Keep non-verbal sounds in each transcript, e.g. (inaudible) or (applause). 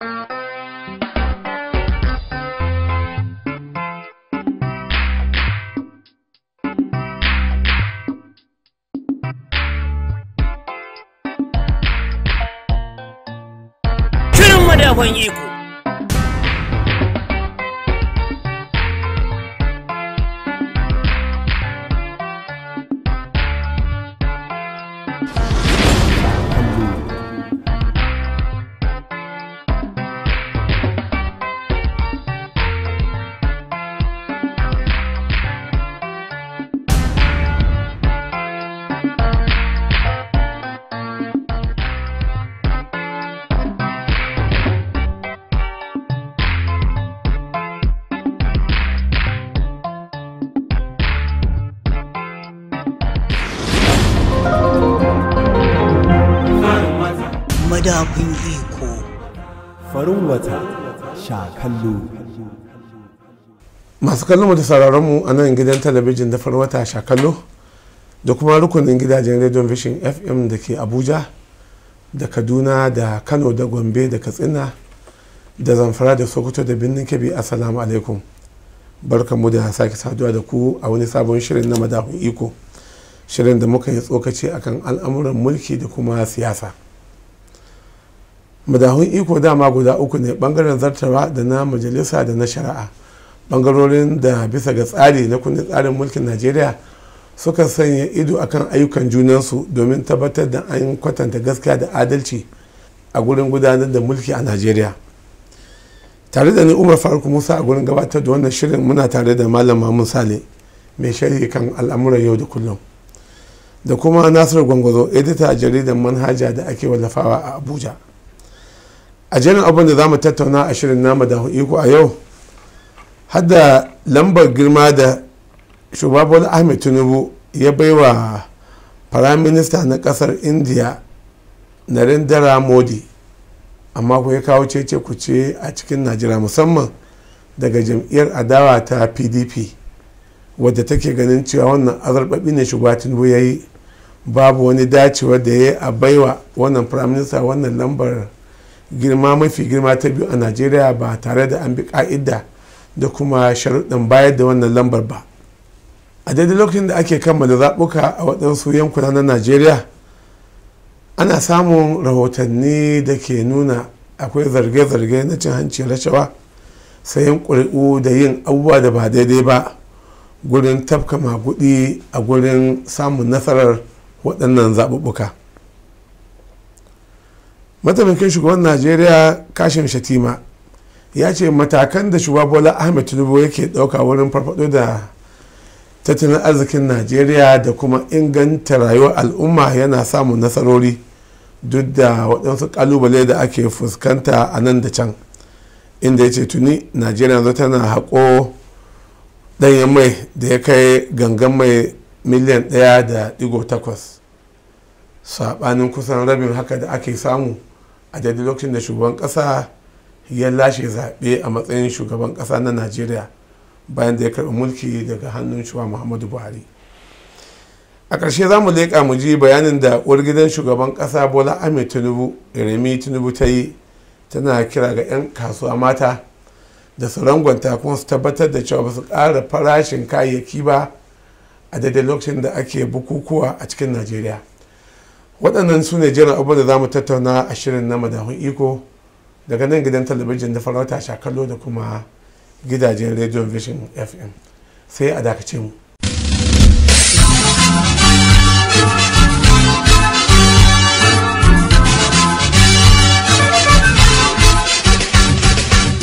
ikon iko kallo. masu kallon da sauraron mu a nan gidan talabijin da farwata shakallo da kuma rukunin gidajen radio vision fm da ke abuja da kaduna da kano da gombe da katsina da zamfara da sokoto da birnin kebbi assalamu alaikum barkanmu da sake saduwa da ku a wani sabon shirin na madahun iko shirin da muka yi tsokaci akan al'amuran mulki da kuma siyasa madahun iko dama guda uku ne bangaren zartawa da na majalisa da na shari'a bangarorin da bisa ga tsari na kundin tsarin mulkin najeriya suka sanya ido akan ayyukan junansu domin tabbatar da an kwatanta gaskiya da adalci a gurin gudanar da mulki a najeriya tare da ni umar faruk musa a gurin gabatar da wannan shirin muna tare da malam mamun sale mai sharhi kan al'amuran yau da kullum da kuma nasiru gwangwazo edita jaridar manhaja da ake wallafawa a abuja a jerin abin da za mu tattauna a shirin nama da iko a yau hadda lambar girma da shugaban ahmed tinubu ya baiwa firayim minista na kasar india narendra modi amma ku ya kawo cece ku ce a cikin najeriya musamman daga jam'iyyar adawa ta pdp wadda take ganin cewa wannan azarbabi ne shugaba tinubu ya yi babu wani dacewa da ya yi a baiwa wannan firayim minista wannan lambar girma mafi girma ta biyu a najeriya ba tare da an bi ka'ida da kuma sharuɗin bayar da wannan lambar ba a daidai lokacin da ake kammala zaɓuka a waɗansu yankuna na najeriya ana samun rahotanni da ke nuna akwai zarge-zarge na cin hanci rashawa sayan ƙuri'u da yin abubuwa da ba daidai ba gurin tafka magudi a gurin samun nasarar waɗannan zaɓuɓɓuka. mataimakin shugaban najeriya kashin shatima ya ce matakan da shugaba bola ahmed tinubu yake dauka wurin farfado da tattalin arzikin najeriya da kuma inganta rayuwar al'umma yana samun nasarori duk da waɗansu kalubale da ake fuskanta a nan da can inda ya ce tuni najeriya zo tana haƙo ɗanyen mai da ya kai gangan mai miliyan ɗaya da ɗigo takwas saɓanin kusan rabin haka da ake samu a daidai lokacin da shugaban kasa ya lashe zaɓe a matsayin shugaban kasa na najeriya bayan da ya karɓi mulki daga hannun shuwa muhammadu buhari a ƙarshe za mu leƙa mu ji bayanin da uwar gidan shugaban ƙasa bola ahmed tinubu iremi tinubu ta yi tana kira ga 'yan kasuwa mata da su rangwanta kuma su tabbatar da cewa ba su ƙara farashin kayayyaki ba a daidai lokacin da ake bukukuwa a cikin najeriya waɗannan su ne jiran abin da za mu tattauna a shirin na madahun iko daga nan gidan talabijin da farauta shakallo da kuma gidajen radio vision fm sai a dakace mu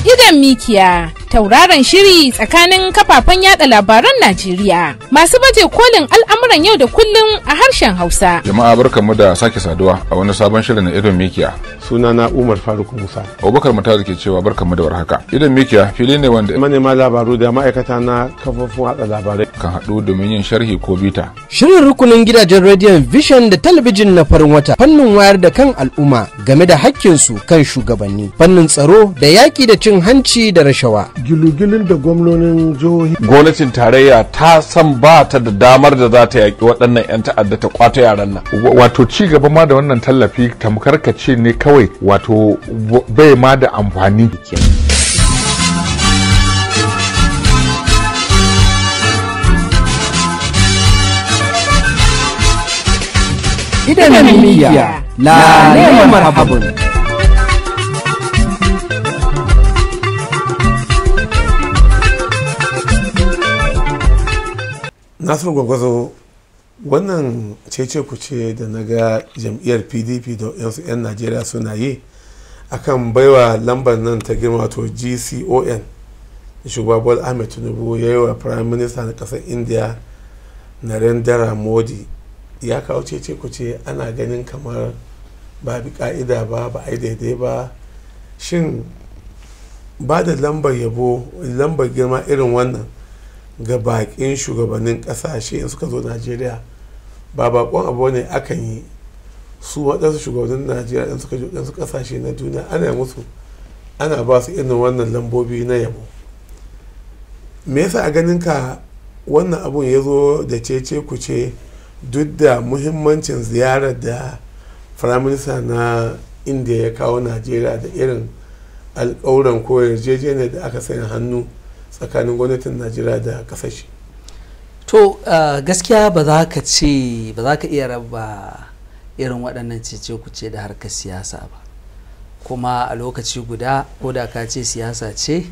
gidan mikiya tauraron shiri tsakanin kafafen yada labaran Najeriya masu baje kolin al'amuran yau da kullum a harshen Hausa. Jama'a mu da sake saduwa a wani sabon shirin na idon mikiya. Sunana Umar Faruk Musa. Abubakar Mutaz ke cewa mu da warhaka. Idon mikiya fili ne wanda manema labaru da ma'aikata na kafofin hada labarai kan haɗu domin yin sharhi ko bita. Shirin rukunin gidajen rediyon Vision da talabijin na farin wata fannin wayar da kan al'umma game da hakkinsu kan shugabanni fannin tsaro da yaki da cin hanci da rashawa gilugilin da gwamnonin jihohi gwamnatin tarayya ta san ba ta da damar da za ta yaƙi waɗannan 'yan ta'adda ta kwato yaran nan wato ci gaba ma da wannan tallafi tamkar ka ce ne kawai wato bai ma da amfani Idan miya, la marhabun. nasiru gwangwazo wannan cece ku ce da na ga jam'iyyar pdp da yansu 'yan najeriya suna yi akan baiwa lambar nan ta girma wato gcon shugaba ahmed tinubu ya yi wa prime minister na kasar india narendra modi ya kawo cece ku ce ana ganin kamar ba bi ka'ida ba ba a daidai ba shin ba da lambar yabo lambar girma irin wannan ga bakin shugabannin kasashe in suka zo najeriya ba bakon abu ne akan yi su waɗansu shugabannin najeriya in suka su kasashe na duniya ana musu ana ba su irin wannan lambobi na yabo me yasa a ganin ka wannan abun ya zo da cece kuce duk da muhimmancin ziyarar da firaminista na india ya kawo najeriya da irin alkawuran ko yarjejeniyar da aka sanya hannu tsakanin gwamnatin najeriya da kasashe to gaskiya ba za ka ce ba za ka iya raba irin waɗannan cece ce da harkar siyasa ba kuma a lokaci guda ko da ka ce siyasa ce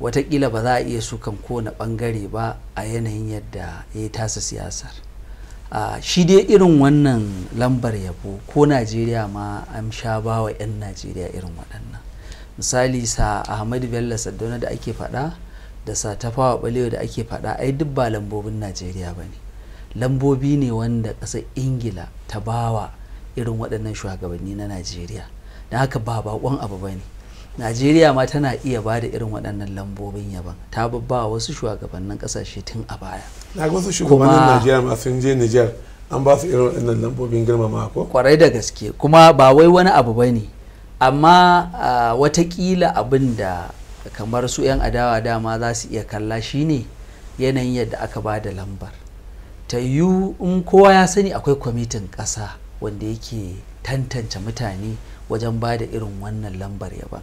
watakila ba za a iya sukan kowane bangare ba a yanayin yadda ya yi tasa siyasar shi dai irin wannan lambar yabo ko najeriya ma an sha wa 'yan najeriya irin waɗannan misali sa ahmadu bello saddauna da ake faɗa da satafawa balewa da ake faɗa ai duk ba lambobin najeriya ba ne lambobi ne wanda ƙasar ingila ta bawa irin waɗannan shugabanni na najeriya da haka ba baƙon abu ba ne najeriya ma tana iya ba da irin waɗannan lambobin yaban ta babba wasu shugabannin ƙasashe tun a baya na ga wasu shugabannin najeriya ma sun je nijar an ba su irin waɗannan lambobin ma ko kwarai da gaske kuma ba wai wani abu ba ne amma ah, watakila abin da kamar su 'yan adawa dama za su iya kalla shine yanayin yadda aka ba da lambar ta yiwu in kowa ya sani akwai kwamitin ƙasa wanda yake tantance mutane wajen ba da irin wannan lambar yaban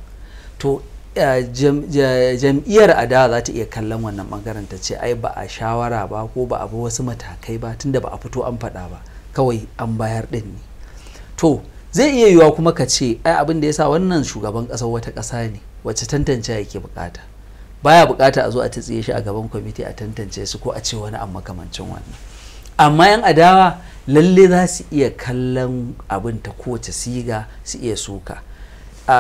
to jam'iyyar adawa za ta iya kallon wannan bangaren ta ce ai ba a shawara ba ko ba a bi wasu matakai ba tunda ba a fito an faɗa ba kawai an bayar ɗin ne to zai iya yiwuwa kuma ka ce ai abin da ya sa wannan shugaban ƙasar wata ƙasa ne wacce tantance yake bukata baya bukata a zo a tsiye shi a gaban kwamiti a tantance su ko a ce wani amma makamancin wannan amma yan adawa lalle za su iya kallon abin ta kowace siga su iya suka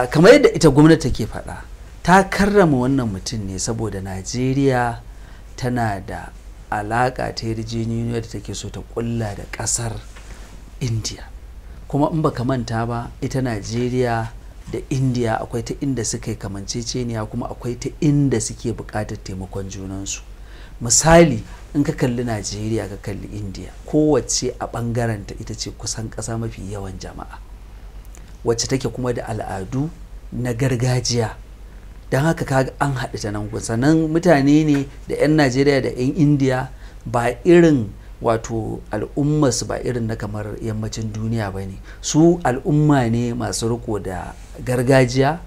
kamar yadda ita gwamnati take faɗa ta karrama wannan mutum ne saboda najeriya tana da alaka ta yarjejeniya da take so ta kulla da kasar india kuma in baka manta ba ita najeriya da indiya akwai ta inda suka yi kamanceceniya kuma akwai ta inda suke bukatar taimakon junansu misali in ka kalli najeriya ka kalli indiya kowace a bangaranta ita ce kusan ƙasa mafi yawan jama'a wacce take kuma da al'adu na gargajiya don haka kaga an haɗu ta nan sannan mutane ne da 'yan najeriya da 'yan indiya ba irin wato al'ummarsu ba irin na kamar yammacin duniya ba ne su al'umma ne masu riko da gargajiya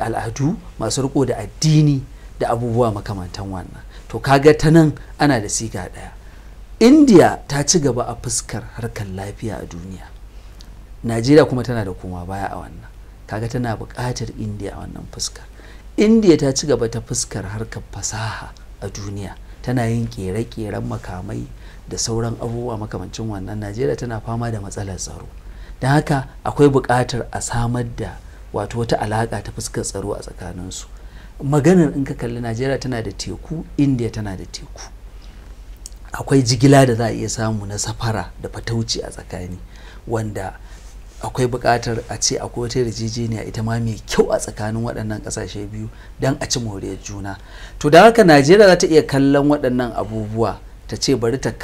al'adu masu riko da addini da abubuwa makamantan wannan to kaga ta nan ana da siga ɗaya india ta ci gaba a fuskar harkar lafiya a duniya najeriya kuma tana da koma baya a wannan kaga tana buƙatar india a wannan fuskar india ta ci gaba ta fuskar harkar fasaha a duniya tana yin ƙere-ƙeren makamai da sauran abubuwa makamancin wannan najeriya tana fama da matsalar tsaro don haka akwai buƙatar a samar da wato wata alaƙa ta fuskar tsaro a tsakanin su maganar in ka kalli najeriya tana da teku india tana da teku akwai jigila da za a iya samu na safara da fatauci a tsakani wanda akwai buƙatar a ce akwai wata yarjejeniya ita ma mai kyau a tsakanin waɗannan ƙasashe biyu don a ci moriyar juna to da haka najeriya za ta iya kallon waɗannan abubuwa ta ce bari ta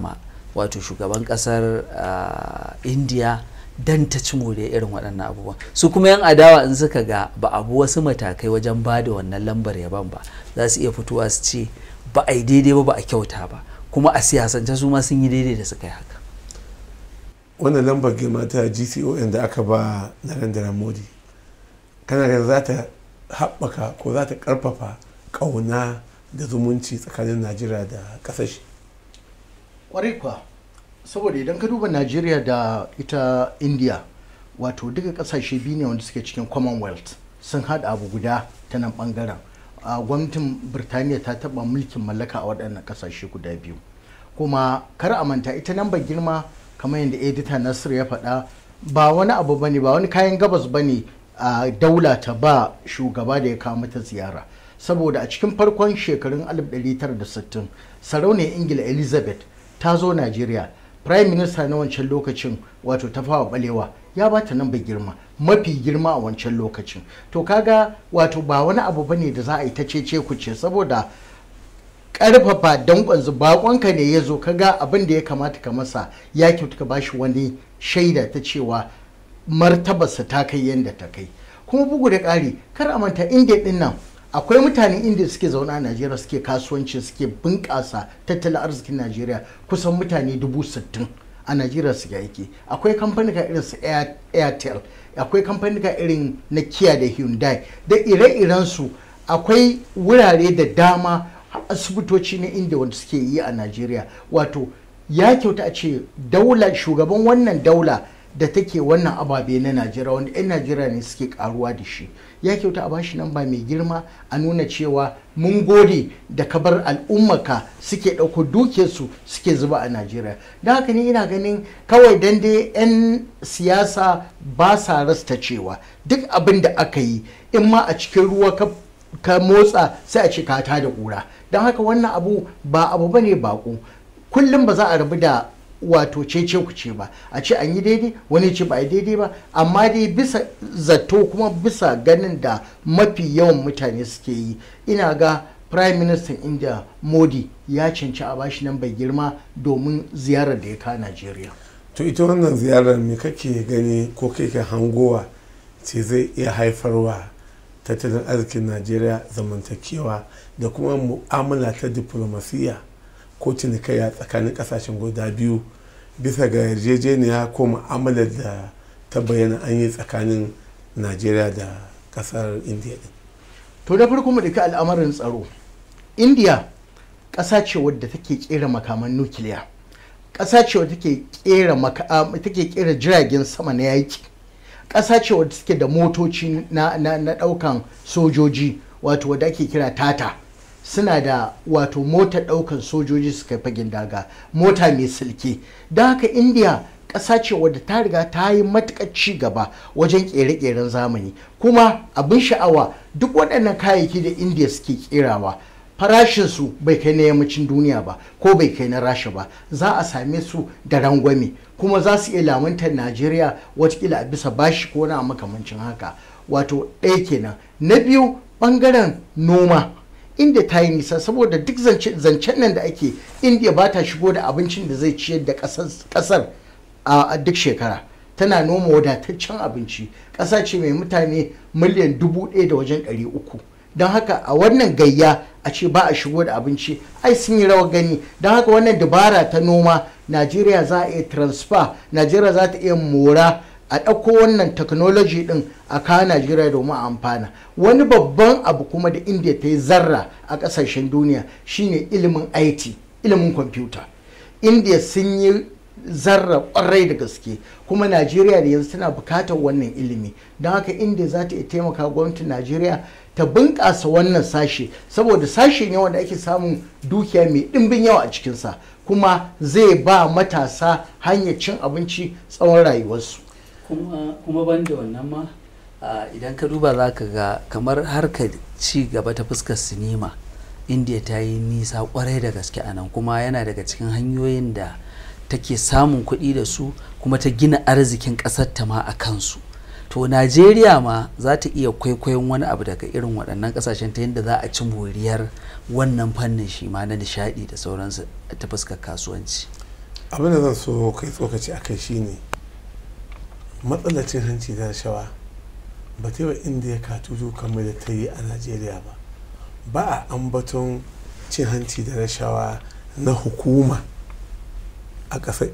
ma wato shugaban ƙasar uh, india dan ta ci more irin waɗannan abubuwan su kuma yan adawa in suka ga ba abu wasu matakai wajen ba da wannan lambar yaban ba za su iya fitowa su ce ba a yi daidai ba ba a kyauta ba kuma a siyasance su ma sun yi daidai da suka yi haka wannan lambar girma ta gcon da aka ba narendra modi kana ga za ta haɓaka ko za ta ƙarfafa ƙauna da zumunci tsakanin najeriya da ƙasashe kwarai kuwa saboda idan ka duba najeriya da ita india wato duka kasashe biyu ne wanda suke cikin commonwealth sun haɗa abu guda ta nan ɓangaren gwamnatin birtaniya ta taɓa mulkin mallaka a waɗannan kasashe guda biyu kuma kar a manta ita nan ba girma kamar yadda edita nasir ya faɗa ba wani abu bane ba wani kayan gabas bane a daula ta ba shugaba da ya kawo mata ziyara saboda a cikin farkon shekarun 1960 sarauniyar ingila elizabeth ta zo najeriya prime minister na wancan lokacin wato ta tafawa balewa ya ba ta nan bai girma mafi girma a wancan lokacin to kaga wato ba wani abu bane da za a yi ta cece kuce saboda karfafa dankon baƙonka ne ya zo kaga abin da ya kamata ka masa ya kyautu ka bashi wani shaida ta cewa martabarsa ta kai yadda ta kai kuma bugu da ƙari kar a manta inda ɗin nan akwai mutane inda suke zaune a najeriya suke kasuwanci suke bunƙasa tattalin arzikin najeriya kusan mutane dubu sittin a najeriya suke aiki akwai kamfanika irin su airtel akwai kamfanika irin na kia da hyundai da ire-iren su akwai wurare da dama asibitoci na inda wanda suke yi a najeriya wato ya kyauta a ce daula shugaban wannan daula da take wannan ababe na najeriya wanda 'yan najeriya ne suke karuwa da shi ya kyauta a bashi nan ba mai girma a nuna cewa mun gode da kabar al'ummaka suke ɗauko dukiyarsu suke zuba a najeriya don haka ne ina ganin kawai dan dai 'yan siyasa ba sa rasta cewa duk abin da aka yi in ma a cikin ruwa ka motsa sai a ce ka ta da kura don haka wannan abu ba abu bane baƙo kullum ba za a rabu da wato cece ku ce ba a ce an yi daidai wani ce ba yi daidai ba amma dai bisa zato kuma bisa ganin da mafi yawan mutane suke yi ina ga prime minister india modi ya canci a bashi nan bai girma domin ziyarar da ya ka najeriya to ita wannan ziyarar me kake gani ko kai ka hangowa ce zai iya haifarwa tattalin arzikin najeriya zamantakewa da kuma mu'amala ta diplomasiya ko cinikayya tsakanin kasashen guda biyu bisa ga yarjejeniya ko mu'amalar da ta bayyana an yi tsakanin najeriya da kasar indiya din to da farko mu dika al'amarin tsaro indiya ƙasa ce wadda take kera makaman nukiliya ƙasa ce wadda take kera jiragen sama na yaki ƙasa ce wadda take da motoci na daukan sojoji wato wadda ake kira tata suna da wato mota daukan sojoji su kai fagen daga mota mai silke don haka india ƙasa ce wadda ta riga ta yi matuƙar ci gaba wajen ƙere-ƙeren zamani kuma abin sha'awa duk waɗannan kayayyaki da indiya suke ƙerawa farashinsu bai kai na yammacin duniya ba ko bai kai na rasha ba za a same su da rangwame kuma za su iya lamunta najeriya watakila a bisa bashi ko na makamancin haka wato ɗaya kenan na biyu ɓangaren noma inda ta yi nisa saboda duk zancen nan da ake india ba ta shigo da abincin da zai ciyar da kasar a duk shekara tana noma wadataccen abinci ƙasa ce mai mutane miliyan dubu ɗaya da wajen ɗari uku don haka a wannan gayya a ce ba a shigo da abinci ai sun yi rawa gani don haka wannan dabara ta noma najeriya za a iya transfer najeriya za ta iya mora a ɗauko wannan technology ɗin a kawo najeriya domin amfana wani babban abu kuma da india ta yi zarra a ƙasashen duniya shine ilimin it ilimin kwamfuta india sun yi zarra kwarai da gaske kuma najeriya da yanzu tana bukatar wannan ilimi don haka indiya za ta taimaka gwamnatin najeriya ta bunƙasa wannan sashe saboda sashe ne wanda ake samun dukiya mai ɗimbin yawa a cikinsa kuma zai ba matasa hanyar cin abinci tsawon rayuwarsu kuma ban da wannan ma idan ka duba za ka ga kamar harkar ci gaba ta fuskar sinima india ta yi nisa kwarai da gaske a nan kuma yana daga cikin hanyoyin da take samun kuɗi da su kuma ta gina arzikin ƙasar ta ma a kansu to najeriya ma za ta iya kwaikwayon wani abu daga irin waɗannan ƙasashen ta yadda za a ci moriyar wannan fannin shi ma na nishaɗi da sauransu ta fuskar kasuwanci abin da zan so kai tsokaci a kai shine matsalar cin hanci da rashawa ba ta yi wa indiya katutu kamar da ta yi a najeriya ba ba a ambaton cin hanci da rashawa na hukuma a ƙasar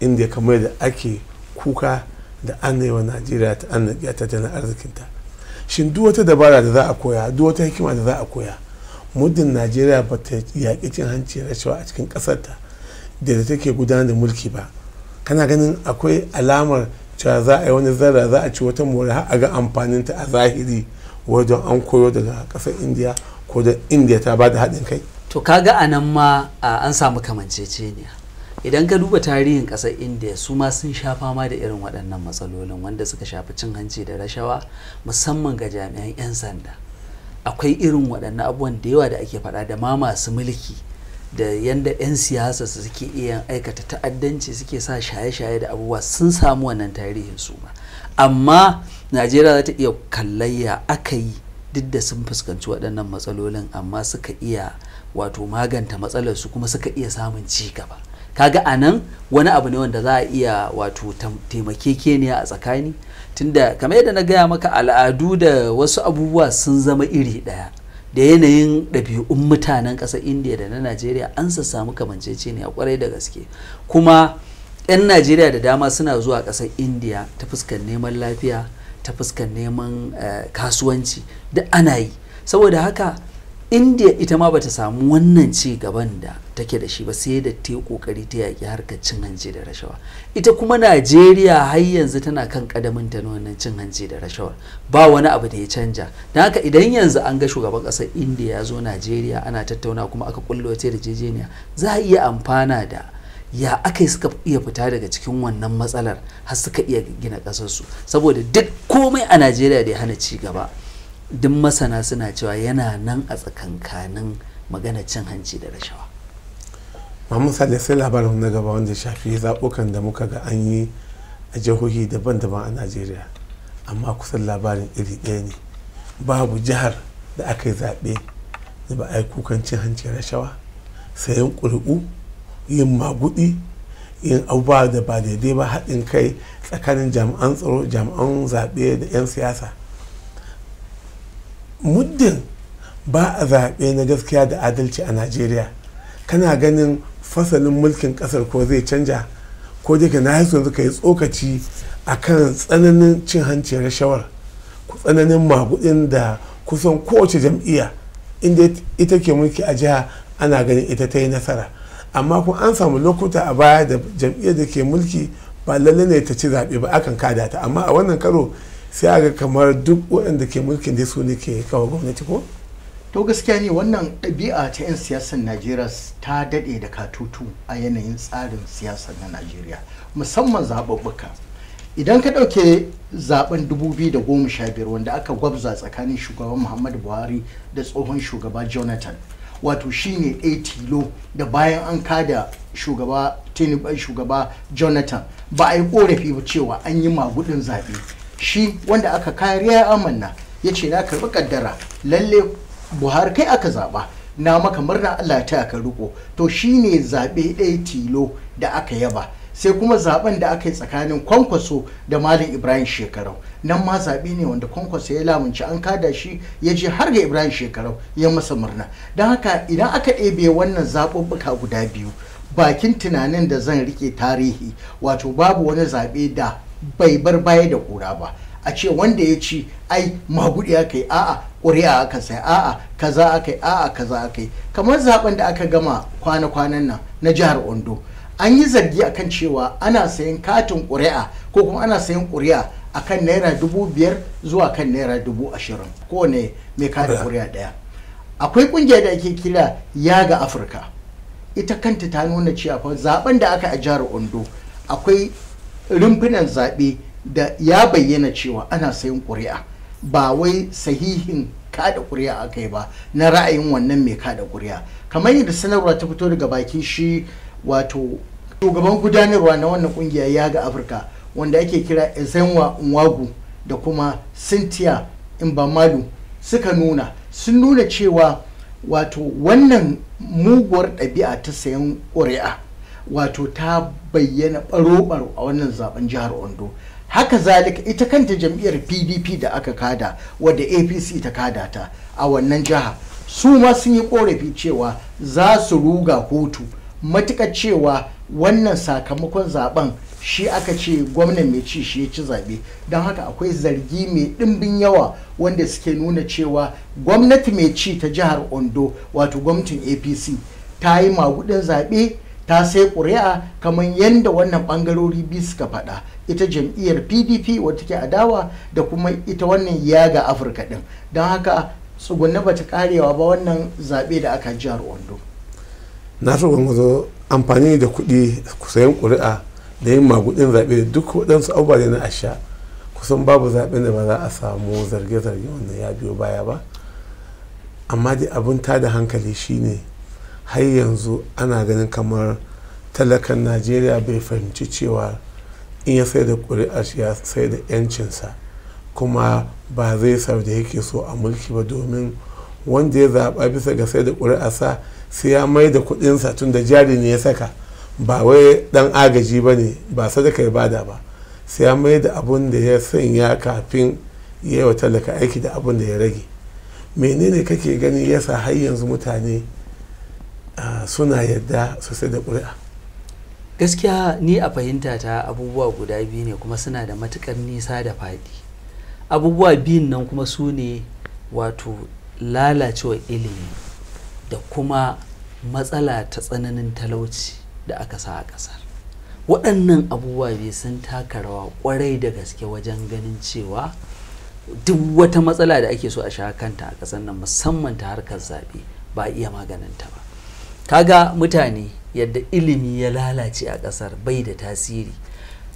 indiya kamar da ake kuka da an yi wa najeriya ta an tattalin arzikinta shin duk wata dabara da za a koya duk wata hikima da za a koya muddin najeriya ba ta yaƙi cin hanci da rashawa a cikin ƙasarta da take gudanar da mulki ba kana ganin akwai alamar cewa za a yi wani zarra za a ci wata more har a ga amfanin ta a zahiri wajen an koyo daga kasar indiya ko da indiya ta ba da haɗin kai to kaga a nan ma an samu kamanceceniya idan ka duba tarihin ƙasar indiya su ma sun sha fama da irin waɗannan matsalolin wanda suka shafi cin hanci da rashawa musamman ga jami'an 'yan sanda akwai irin waɗannan abubuwan da yawa da ake faɗa da ma masu mulki da yanda 'yan siyasa su suke iya aikata ta'addanci suke sa shaye-shaye da abubuwa sun samu wannan tarihin su ma amma najeriya za ta iya kallayya aka yi duk da sun fuskanci waɗannan matsalolin amma suka iya wato maganta matsalar su kuma suka iya samun ci gaba kaga a nan wani abu ne wanda za a iya wato taimakekeniya a tsakani tunda kamar yadda na gaya maka al'adu da wasu abubuwa sun zama iri ɗaya da yanayin ɗabi'un mutanen ƙasar indiya da na najeriya an sa samu ne a kwarai da gaske kuma 'yan najeriya da dama suna zuwa ƙasar indiya ta fuskan neman lafiya ta fuskar neman eh, kasuwanci da ana yi saboda haka india ita ma bata samu wannan ci gaban da take da shi ba sai da ta yi kokari ta yaƙi harkar cin hanci da rashawa ita kuma najeriya har yanzu tana kan kadamin ta wannan cin hanci da rashawa ba wani abu da ya canja don haka idan yanzu an ga shugaban ƙasar india ya zo najeriya ana tattauna kuma aka kullo da yarjejeniya za a iya amfana da ya aka suka iya fita daga cikin wannan matsalar har suka iya gina ƙasarsu saboda duk komai a najeriya da ya hana ci gaba duk masana suna cewa yana nan a tsakankanin magana cin hanci da rashawa Mamu sale sai labarin na gaba wanda shafi zaɓukan da muka ga an yi a jihohi daban-daban a najeriya amma kusan labarin iri ɗaya ne babu jihar da aka yi zaɓe da ba a yi kukan cin hanci rashawa sayan ƙuri'u yin maguɗi yin abubuwa da ba daidai ba haɗin kai tsakanin jami'an tsaro jami'an zaɓe da 'yan siyasa muddin ba a zaɓe na gaskiya da adalci a najeriya kana ganin fasalin mulkin ƙasar ko zai canja ko daga na sunzu ka yi tsokaci a kan tsananin cin hanci rashawar tsananin magudin da kusan kowace jam'iyya inda ita ke mulki a jiha ana ganin ita ta yi nasara amma kun an samu lokuta a baya da jam'iyyar da ke mulki ba lallai ne ta ci zaɓe ba akan kada ta amma a wannan karo sai aga kamar duk waɗanda ke mulkin da su ne ke kawo gwamnati ko to gaskiya ne wannan ɗabi'a ta 'yan siyasar najeriya ta daɗe da katutu a yanayin tsarin siyasar na najeriya musamman zaɓuɓɓuka idan ka ɗauke zaben 2015 wanda aka gwabza tsakanin shugaban muhammadu buhari da tsohon shugaba jonathan wato shine ɗaya tilo da bayan an kada shugaba shugaba jonathan ba a yi ƙorafi ba cewa an yi magudin zaɓe shi wanda aka kariya amanna ya ce na karɓi kaddara lalle buhari kai aka zaɓa na maka murna allah ta ka riko to shi ne zaɓe ɗaya tilo da aka yaba sai kuma zaɓen da aka yi tsakanin kwankwaso da malam ibrahim shekarau nan ma zaɓe ne wanda kwankwaso ya lamunci an kada shi ya je har ga ibrahim shekarau ya masa murna don haka idan aka ɗebe wannan zaɓuɓɓuka guda biyu bakin tunanin da zan rike tarihi wato babu wani zaɓe da bai bar baya da kura ba a ce wanda ya ci ai magudi aka yi a'a ƙuri'a aka sai a'a kaza aka yi a'a kaza aka yi kamar zaben da aka gama kwana-kwanan nan na jihar ondo an yi zargi akan cewa ana sayan katin ƙuri'a ko kuma ana sayan ƙuri'a akan naira dubu biyar zuwa kan naira dubu ashirin kowane mai katin ƙuri'a ɗaya akwai ƙungiyar da ake kira yaga afirka ita kanta ta nuna cewa zaben da aka a jihar ondo akwai rumfunan zaɓe da ya bayyana cewa ana sayan ƙuri'a ba wai sahihin kada ƙuri'a aka yi ba na ra'ayin wannan mai kada ƙuri'a kamar yadda sanarwa ta fito daga bakin shi wato shugaban gudanarwa na wannan kungiya ya ga afirka wanda ake kira ezenwa nwagu da kuma cynthia imbamalu suka nuna sun nuna cewa wato wannan muguwar ɗabi'a ta sayan ƙuri'a wato ta bayyana baro a wannan zaben jihar ondo haka zalika ita kanta jam'iyyar pdp da aka kada wadda apc ta kada ta a wannan jiha su ma sun yi korafi cewa za su ruga kotu matuƙa cewa wannan sakamakon zaben shi aka ce gwamnan mai ci shi ya ci zaɓe don haka akwai zargi mai ɗimbin yawa wanda suke nuna cewa gwamnati mai ci ta jihar ondo wato gwamnatin apc ta yi magudin zaɓe ta sai ƙuri'a kamar yadda wannan bangarori biyu suka faɗa ita jam'iyyar pdp wata ke adawa da kuma ita wannan ga afirka ɗin don haka tsugunna ba ta karewa ba wannan zaɓe da aka jihar ondo na sa gwamnati amfani da kuɗi sayan ƙuri'a da yin magudin zaɓe da duk waɗansu abubuwa na asha kusan babu zaɓen da ba za a samu zarge-zarge wannan ya biyo baya ba amma dai abin tada hankali shine har yanzu ana ganin kamar talakan najeriya bai fahimci cewa in ya sai da ƙuri'ar ya sai da 'yancinsa kuma ba zai sau da yake so a mulki ba domin wanda ya zaɓa bisa ga sai da ƙuri'arsa sai ya mai da kuɗinsa tun da jari ne ya saka ba wai ɗan agaji ba ne ba sadaka ya bada ba sai ya mai da abun da ya sanya kafin ya yi wa talaka aiki da abun da ya rage menene kake gani yasa har yanzu mutane suna yadda sosai da ƙuri'a gaskiya ni a fahimta ta abubuwa guda biyu ne kuma suna da matukar nisa da faɗi abubuwa biyun nan kuma su ne wato lalacewa ilimi da kuma matsala ta tsananin talauci da aka sa a ƙasar waɗannan abubuwa biyu sun taka rawa ƙwarai da gaske wajen ganin cewa duk wata matsala da ake so a sha kanta a ƙasar nan musamman ta harkar zaɓe ba iya maganinta ba kaga mutane yadda ilimi ya lalace a ƙasar bai da tasiri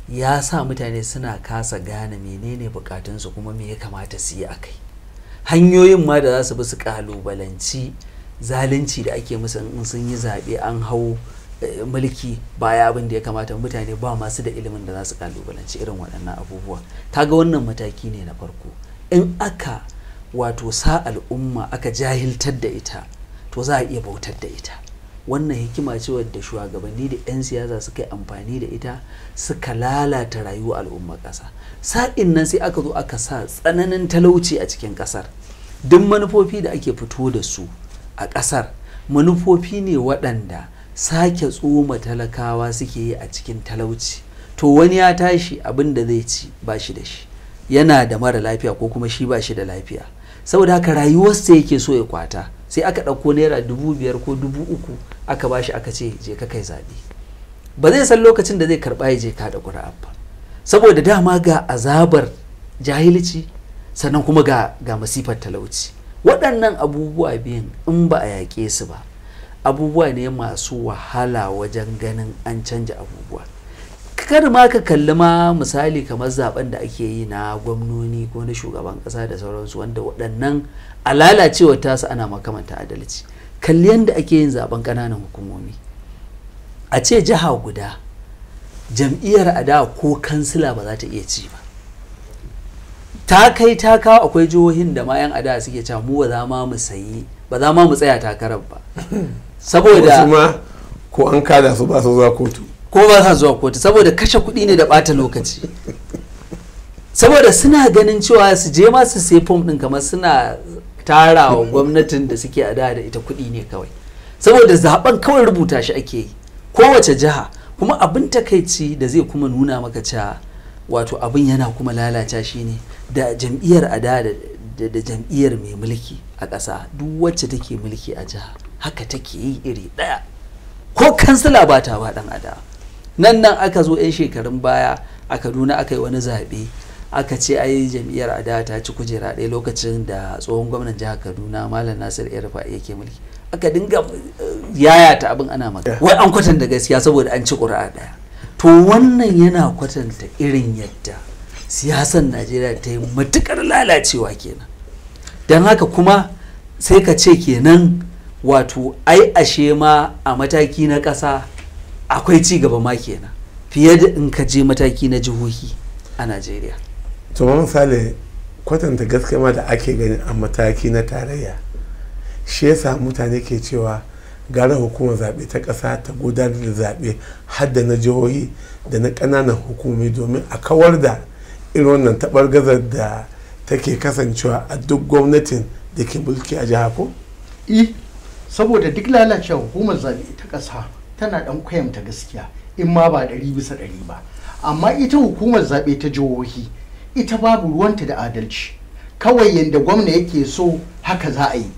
ya sa mutane suna kasa gane menene bukatunsu kuma me ya kamata su yi a kai hanyoyin ma da za su bi su kalubalanci zalunci da ake musu in sun yi zaɓe an hau eh, mulki baya abin da ya kamata mutane ba masu da ilimin da za su kalubalanci irin waɗannan abubuwa kaga wannan mataki ne na farko in aka wato sa al'umma aka jahiltar da ita to za a iya bautar da ita wannan hikima ce wadda shugabanni da 'yan siyasa suka yi amfani da ita suka lalata rayuwar al'umma ƙasa sa'in nan sai aka zo aka sa tsananin talauci a cikin ƙasar duk manufofi da ake fito da su a ƙasar manufofi ne waɗanda sake tsoma talakawa suke yi a cikin talauci to wani ya tashi abin da zai ci ba shi da shi yana da mara lafiya ko kuma shi ba shi da lafiya saboda haka rayuwarsa yake so ya kwata sai aka ɗauko naira dubu biyar ko dubu uku aka ba shi aka ce je ka kai zaɓe ba zai san lokacin da zai karɓa ya je ka da ƙuri'a ba saboda dama ga azabar jahilci sannan kuma ga, ga masifar talauci waɗannan abubuwa biyan in ba a yaƙe su ba abubuwa ne masu wahala wajen ganin an canja abubuwa kar ma ka kalli ma misali kamar zaben da ake yi na gwamnoni ko na shugaban kasa da sauransu wanda waɗannan a lalacewa su ana makamanta adalci kalli yadda ake yin zaben ƙananan hukumomi a ce jiha guda jam'iyyar ada ko kansila ba za ta iya ci ba ta kai ta kawo akwai jihohin da ma 'yan adawa suke cewa mu ba za ma mu sayi ba za ma mu tsaya takarar ba (coughs) saboda ko an kada su ba su zuwa kotu ko ba sa zuwa kotu saboda kashe kuɗi ne da ɓata lokaci saboda suna ganin cewa su je ma su sai fom ɗin kamar suna tara wa gwamnatin da suke a da ita kuɗi ne kawai saboda zaɓen kawai rubuta shi ake yi kowace jiha kuma abin takaici da zai kuma nuna maka cewa wato abin yana kuma lalata shi ne da jam'iyyar adada da da jam'iyyar mai mulki a ƙasa duk wacce take mulki a jiha haka take yi iri ɗaya ko kansila ba ta ba ɗan ada nan nan aka zo 'yan shekarun baya a kaduna aka yi wani zaɓe aka ce ai jam'iyyar ada ta ci kujera ɗaya lokacin da tsohon gwamnan jihar kaduna malam nasir yarfa yake mulki aka dinga eh, yaya ta abin ana magana eh. wai an kwatanta gaskiya saboda an ci ƙuri'a ɗaya to wannan yana kwatanta irin yadda siyasar najeriya ta yi matukar lalacewa kenan don haka kuma sai ka ce kenan wato ai ashe ma a mataki na ƙasa akwai ci gaba ma kenan fiye da in ka je mataki na jihohi a najeriya to misali kwatanta gaskiya ma da ake ganin a mataki na tarayya shi yasa mutane ke cewa gara hukumar zaɓe ta ƙasa ta gudanar da zaɓe har da na jihohi da na ƙananan hukumi domin a kawar da irin wannan taɓargazar da take kasancewa a duk gwamnatin da ke mulki a jiha ko? Eh, saboda duk lalacewa hukumar zaɓe ta ƙasa tana dan kwayamta gaskiya in ma ba ɗari bisa ɗari ba amma ita hukumar zaɓe ta jihohi ita babu ruwanta da adalci kawai yadda gwamna yake so haka za a yi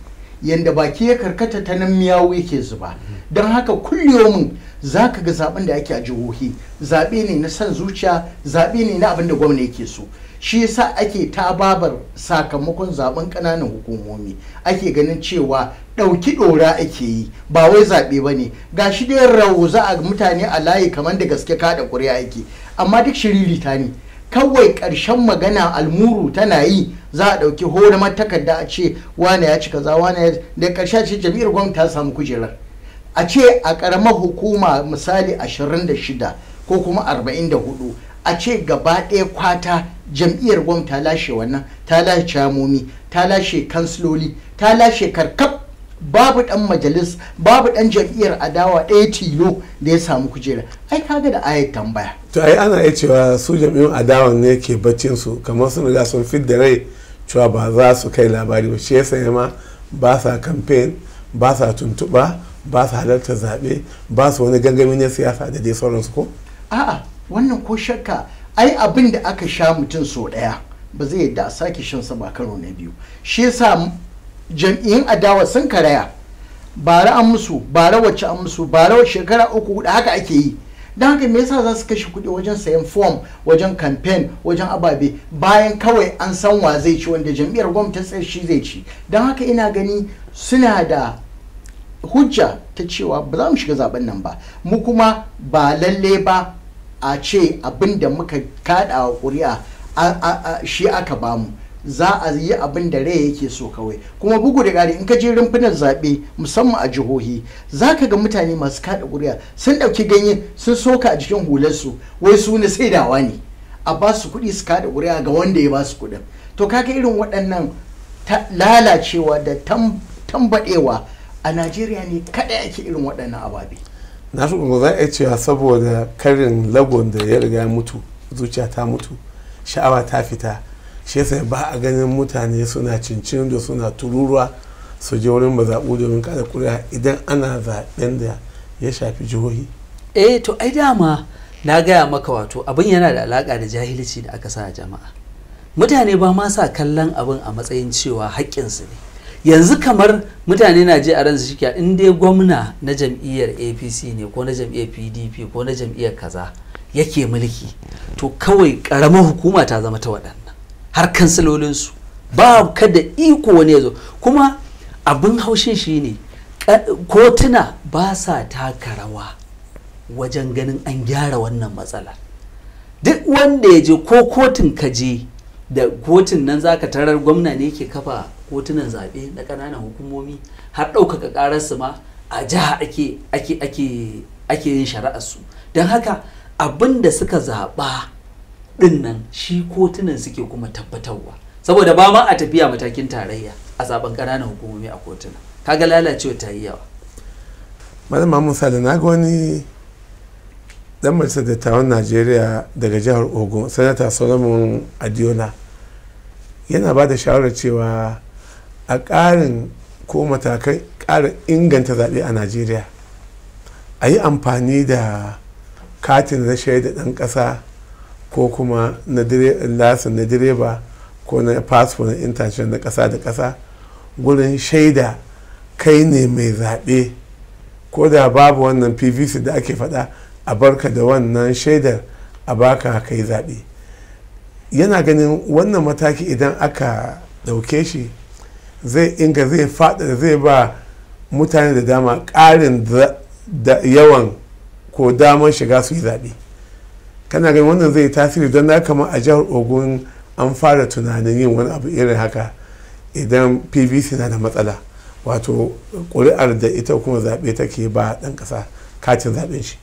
yadda baki ya karkata ta nan miyawu yake zuba don haka kulliyomin za ka ga zaɓen da ake a jihohi zaɓe ne na son zuciya zaɓe ne na abin da gwamna yake so shi yasa ake tababar sakamakon zaben kananan hukumomi ake ganin cewa ɗauki ɗora ake yi ba wai zaɓe ba ne ga shi dai za a mutane a layi kamar da gaske kaɗa ƙuri'a ake amma duk shiriri ta ne kawai ƙarshen magana almuru tana yi za a ɗauki matakar takarda a ce wane ya ci kaza wane ya da ƙarshe ce jami'ar gwamnati ta samu kujerar a ce a ƙaramar hukuma misali 26 ko kuma 44 a ce gaba ɗaya kwata jam'iyyar gwam ta lashe wannan ta lashe camomi ta lashe kansiloli ta lashe karkab babu ɗan majalis babu ɗan jam'iyyar adawa ɗaya tilo da ya samu kujera ai kaga da ayat tambaya to ai ana iya cewa su jam'iyyun adawan ne ke baccin su kamar sun riga sun fit da rai cewa ba za su kai labari ba shi yasa ma ba sa campaign ba sa tuntuɓa ba sa halartar zaɓe ba su wani gangami na siyasa da dai sauransu ko a'a wannan ko shakka ai abin da aka sha mutum so ɗaya ba zai yadda a sake shan sa ba karo na biyu shi yasa jam'iyyun adawa sun karaya bara an musu bara wacce an musu bara shekara uku hudu haka ake yi don haka me yasa za su kashe kuɗi wajen sayan form wajen campaign wajen ababe bayan kawai an san wa zai ci wanda jam'iyyar gwamnati tsaye shi zai ci don haka ina gani suna da hujja ta cewa ba za mu shiga zaben nan ba mu kuma ba lalle ba a ce abin da muka kada wa ƙuri'a shi aka bamu za a yi abin da rai yake so kawai kuma bugu da ƙari in ka je rumfunan zaɓe musamman a jihohi za ka ga mutane masu kaɗa ƙuri'a sun ɗauki ganye sun soka a jikin hularsu wai su na saidawa ne a ba su kuɗi su kada ƙuri'a ga wanda ya ba su kuɗin to kaga irin waɗannan lalacewa da tambaɗewa a najeriya ne kaɗai ake irin waɗannan ababe na rukungu za a cewa saboda karin lagon da ya riga mutu zuciya ta mutu sha'awa ta fita shi sai ba a ganin mutane suna cincin da suna tururuwa su je wurin zaɓu domin kada kuri'a idan ana zaɓen da ya shafi jihohi eh to ai dama na gaya maka wato abin yana da alaƙa da jahilci da aka sa jama'a mutane ba ma sa kallon abin a matsayin cewa haƙƙinsu ne yanzu kamar mutane na je a ransu shi in dai gwamna na jam'iyyar apc ne ko na jam'iyyar pdp ko na jam'iyyar kaza yake mulki to kawai karamar hukuma ta zama ta waɗannan har kansilolinsu ba kada iko wani ya zo kuma abin haushin shi ne kotuna ba sa taka rawa wajen ganin an gyara wannan matsala duk wanda ya je ko kotun ka je da kotun nan zaka tarar gwamna ne ke kafa kotunan zaɓe na ƙananan hukumomi har ɗaukaka ƙararsu ma a jiha ake ake ake ake yin shari'arsu don haka abin da suka zaɓa ɗinnan, shi kotunan suke kuma tabbatarwa saboda ba ma a tafiya matakin tarayya a zaɓen ƙananan hukumomi a kotuna ga lalacewa ta yi yawa malama musa da na wani dan majalisar dattawan najeriya daga jihar ogun sanata solomon adiola yana ba da shawarar cewa a ƙarin ko matakai ƙarin inganta zaɓe a najeriya a yi amfani da katin na shaida ɗan ƙasa ko kuma na lasin na direba ko na fasfo na intashen na ƙasa da ƙasa gurin shaida kai ne mai zaɓe ko da babu wannan pvc da ake faɗa a barka da wannan shaidar a baka kai zaɓe yana ganin wannan mataki idan aka ɗauke shi zai inga zai fada zai ba mutane da dama ƙarin da yawan ko damar shiga su yi zaɓe kana gani wannan zai tasiri don na kama a jihar ogun an fara tunanin yin wani abu irin haka idan pvc na da matsala wato ƙuri'ar da ita kuma zaɓe take ba ɗan ƙasa katin zaɓen shi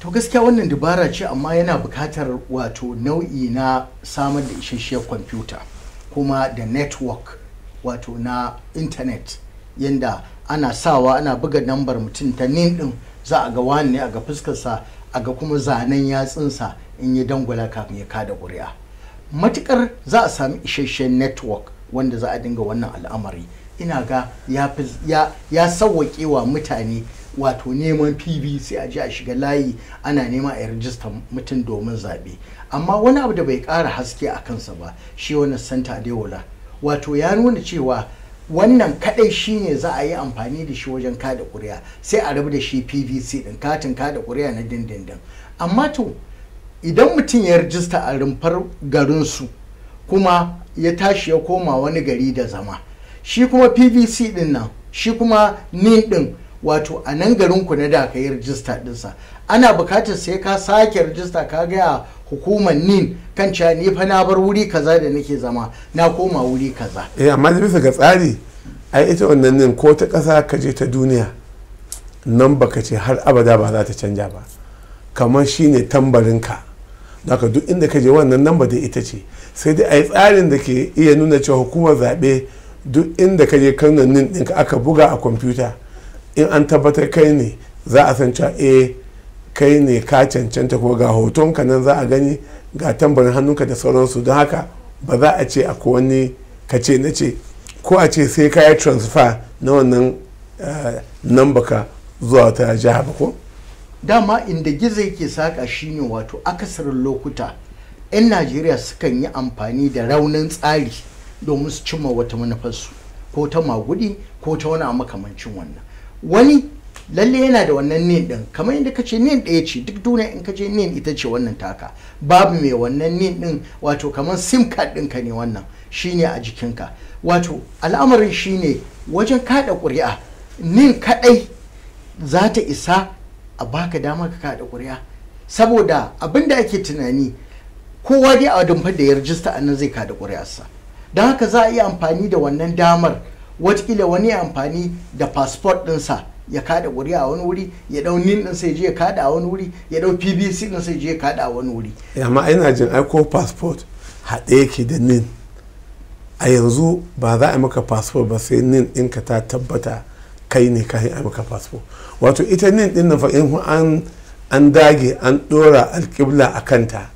to gaskiya wannan dabara ce amma yana buƙatar wato nau'i na samar da isasshiyar kwamfuta kuma da network wato na intanet yadda ana sawa ana buga nambar mutum ta nin din za a ga wani ne a ga fuskarsa a ga kuma zanen yatsunsa in yi dangwala kafin ya kada ƙuri'a matukar za a sami isasshen network wanda za a dinga wannan al'amari ina ga ya sawwaƙe wa mutane wato neman pb sai a je a shiga layi ana nema a rijista mutum domin zaɓe amma wani abu da bai ƙara haske a kansa ba shi wani santa adeola wato ya nuna cewa wannan kadai shine za a yi amfani da shi wajen kada kuri'a sai a rabu da shi pvc din katin kada kuri'a na dindindin amma to idan mutum ya rijista a rumfar garinsu kuma ya tashi ya koma wani gari da zama shi kuma pvc din nan shi kuma nin din wato a nan garinku na da ka yi rijista dinsa ana bukatar sai ka sake rijista ka gaya hukumar nin kan cewa ni fa na bar wuri kaza da nake zama na koma wuri kaza eh amma bisa ga tsari ai ita wannan nin ko ta ƙasa ka ta duniya nan baka ce har abada ba za ta canja ba kamar shine tambarinka daga duk inda ka wannan nan ba da ita ce sai dai ayi tsarin da ke iya nuna cewa hukumar zaɓe duk inda ka je kan nan ɗinka aka buga a kwamfuta in an tabbatar kai ne za a san cewa eh kai ne ka cancanta ko ga hotonka nan za a gani ga tambarin hannunka da sauransu don haka ba za a ce akwai wani ce na ce ko a ce sai ka yi transfer na wannan eh, nan baka zuwa ta jiha ba ko dama inda gizo yake saka shine wato akasarin lokuta 'yan najeriya sukan yi amfani da raunin tsari domin su cimma wata manufarsu ko ta magudi ko ta wani makamancin wannan wani lalle yana da wannan nin din kamar yadda ka ce nin ɗaya ce duk duniya in ka je nin ita ce wannan taka babu mai wannan nin din wato kamar sim card ka ne wannan shine a jikinka wato al'amarin shine wajen kada ƙuri'a nin kaɗai za ta isa a baka dama ka kada ƙuri'a saboda abin da ake tunani kowa dai a dumfar da ya rajista a nan zai kada ƙuri'arsa don haka za a iya amfani da wannan damar watakila wani amfani da fasfot ɗinsa ya kada ƙuri'a a wani wuri ya dau nin din sai je ya kada a wani wuri ya dau pbc din sai je ya kada a wani wuri eh, amma ina jin aiko passport haɗe yake da nin a yanzu ba za a maka passport ba sai nin ka ta tabbata kai ne kayan a maka passport wato ita nin din nan in an an dage an ɗora alƙibla a kanta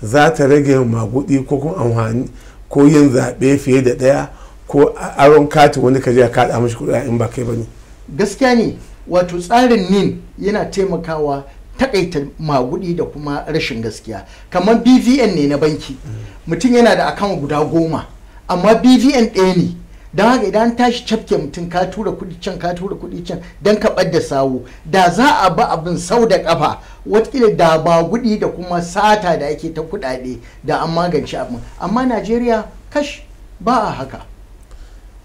za ta rage magudi ko kuma amfani ko yin zaɓe fiye da ɗaya ko aron kati wani kaje ka kaɗa mashi kuɗi in ba kai ba ne gaskiya ne wato tsarin nin yana taimakawa takaita magudi da kuma rashin gaskiya kamar bvn ne na banki mutum yana da akan guda goma amma bvn ɗaya ne don haka idan tashi cafke mutum ka tura kuɗi can ka tura kuɗi can don ka da sawu da za a ba abin sau da kafa watakila da ba gudi da kuma sata da ake ta kuɗaɗe da an magance abin amma najeriya kash ba a haka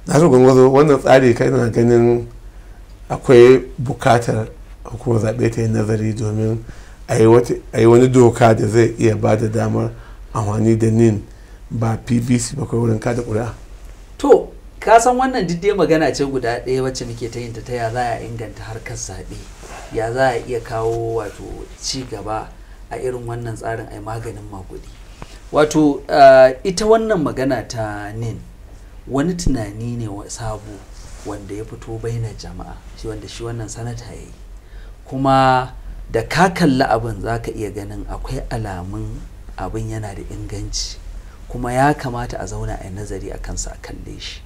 na wannan tsari kai na ganin akwai bukatar hukumar zaɓe ta yi nazari domin a yi wani doka da zai iya ba da damar amfani da nin ba pbc ba kai wurin kada ƙuri'a to ka wannan diddai magana ce guda ɗaya wacce muke ta yin ta ta ya za a inganta harkar zaɓe ya za a iya kawo wato ci gaba a irin wannan tsarin ai maganin magudi wato eh, ita wannan magana ta nin wani tunani ne sabo wanda ya fito baina jama'a shi wanda shi wannan sanata ya yi kuma da ka kalli abin za ka iya ganin akwai alamun abin yana da inganci kuma ya kamata a zauna a nazari a kansa a kalle shi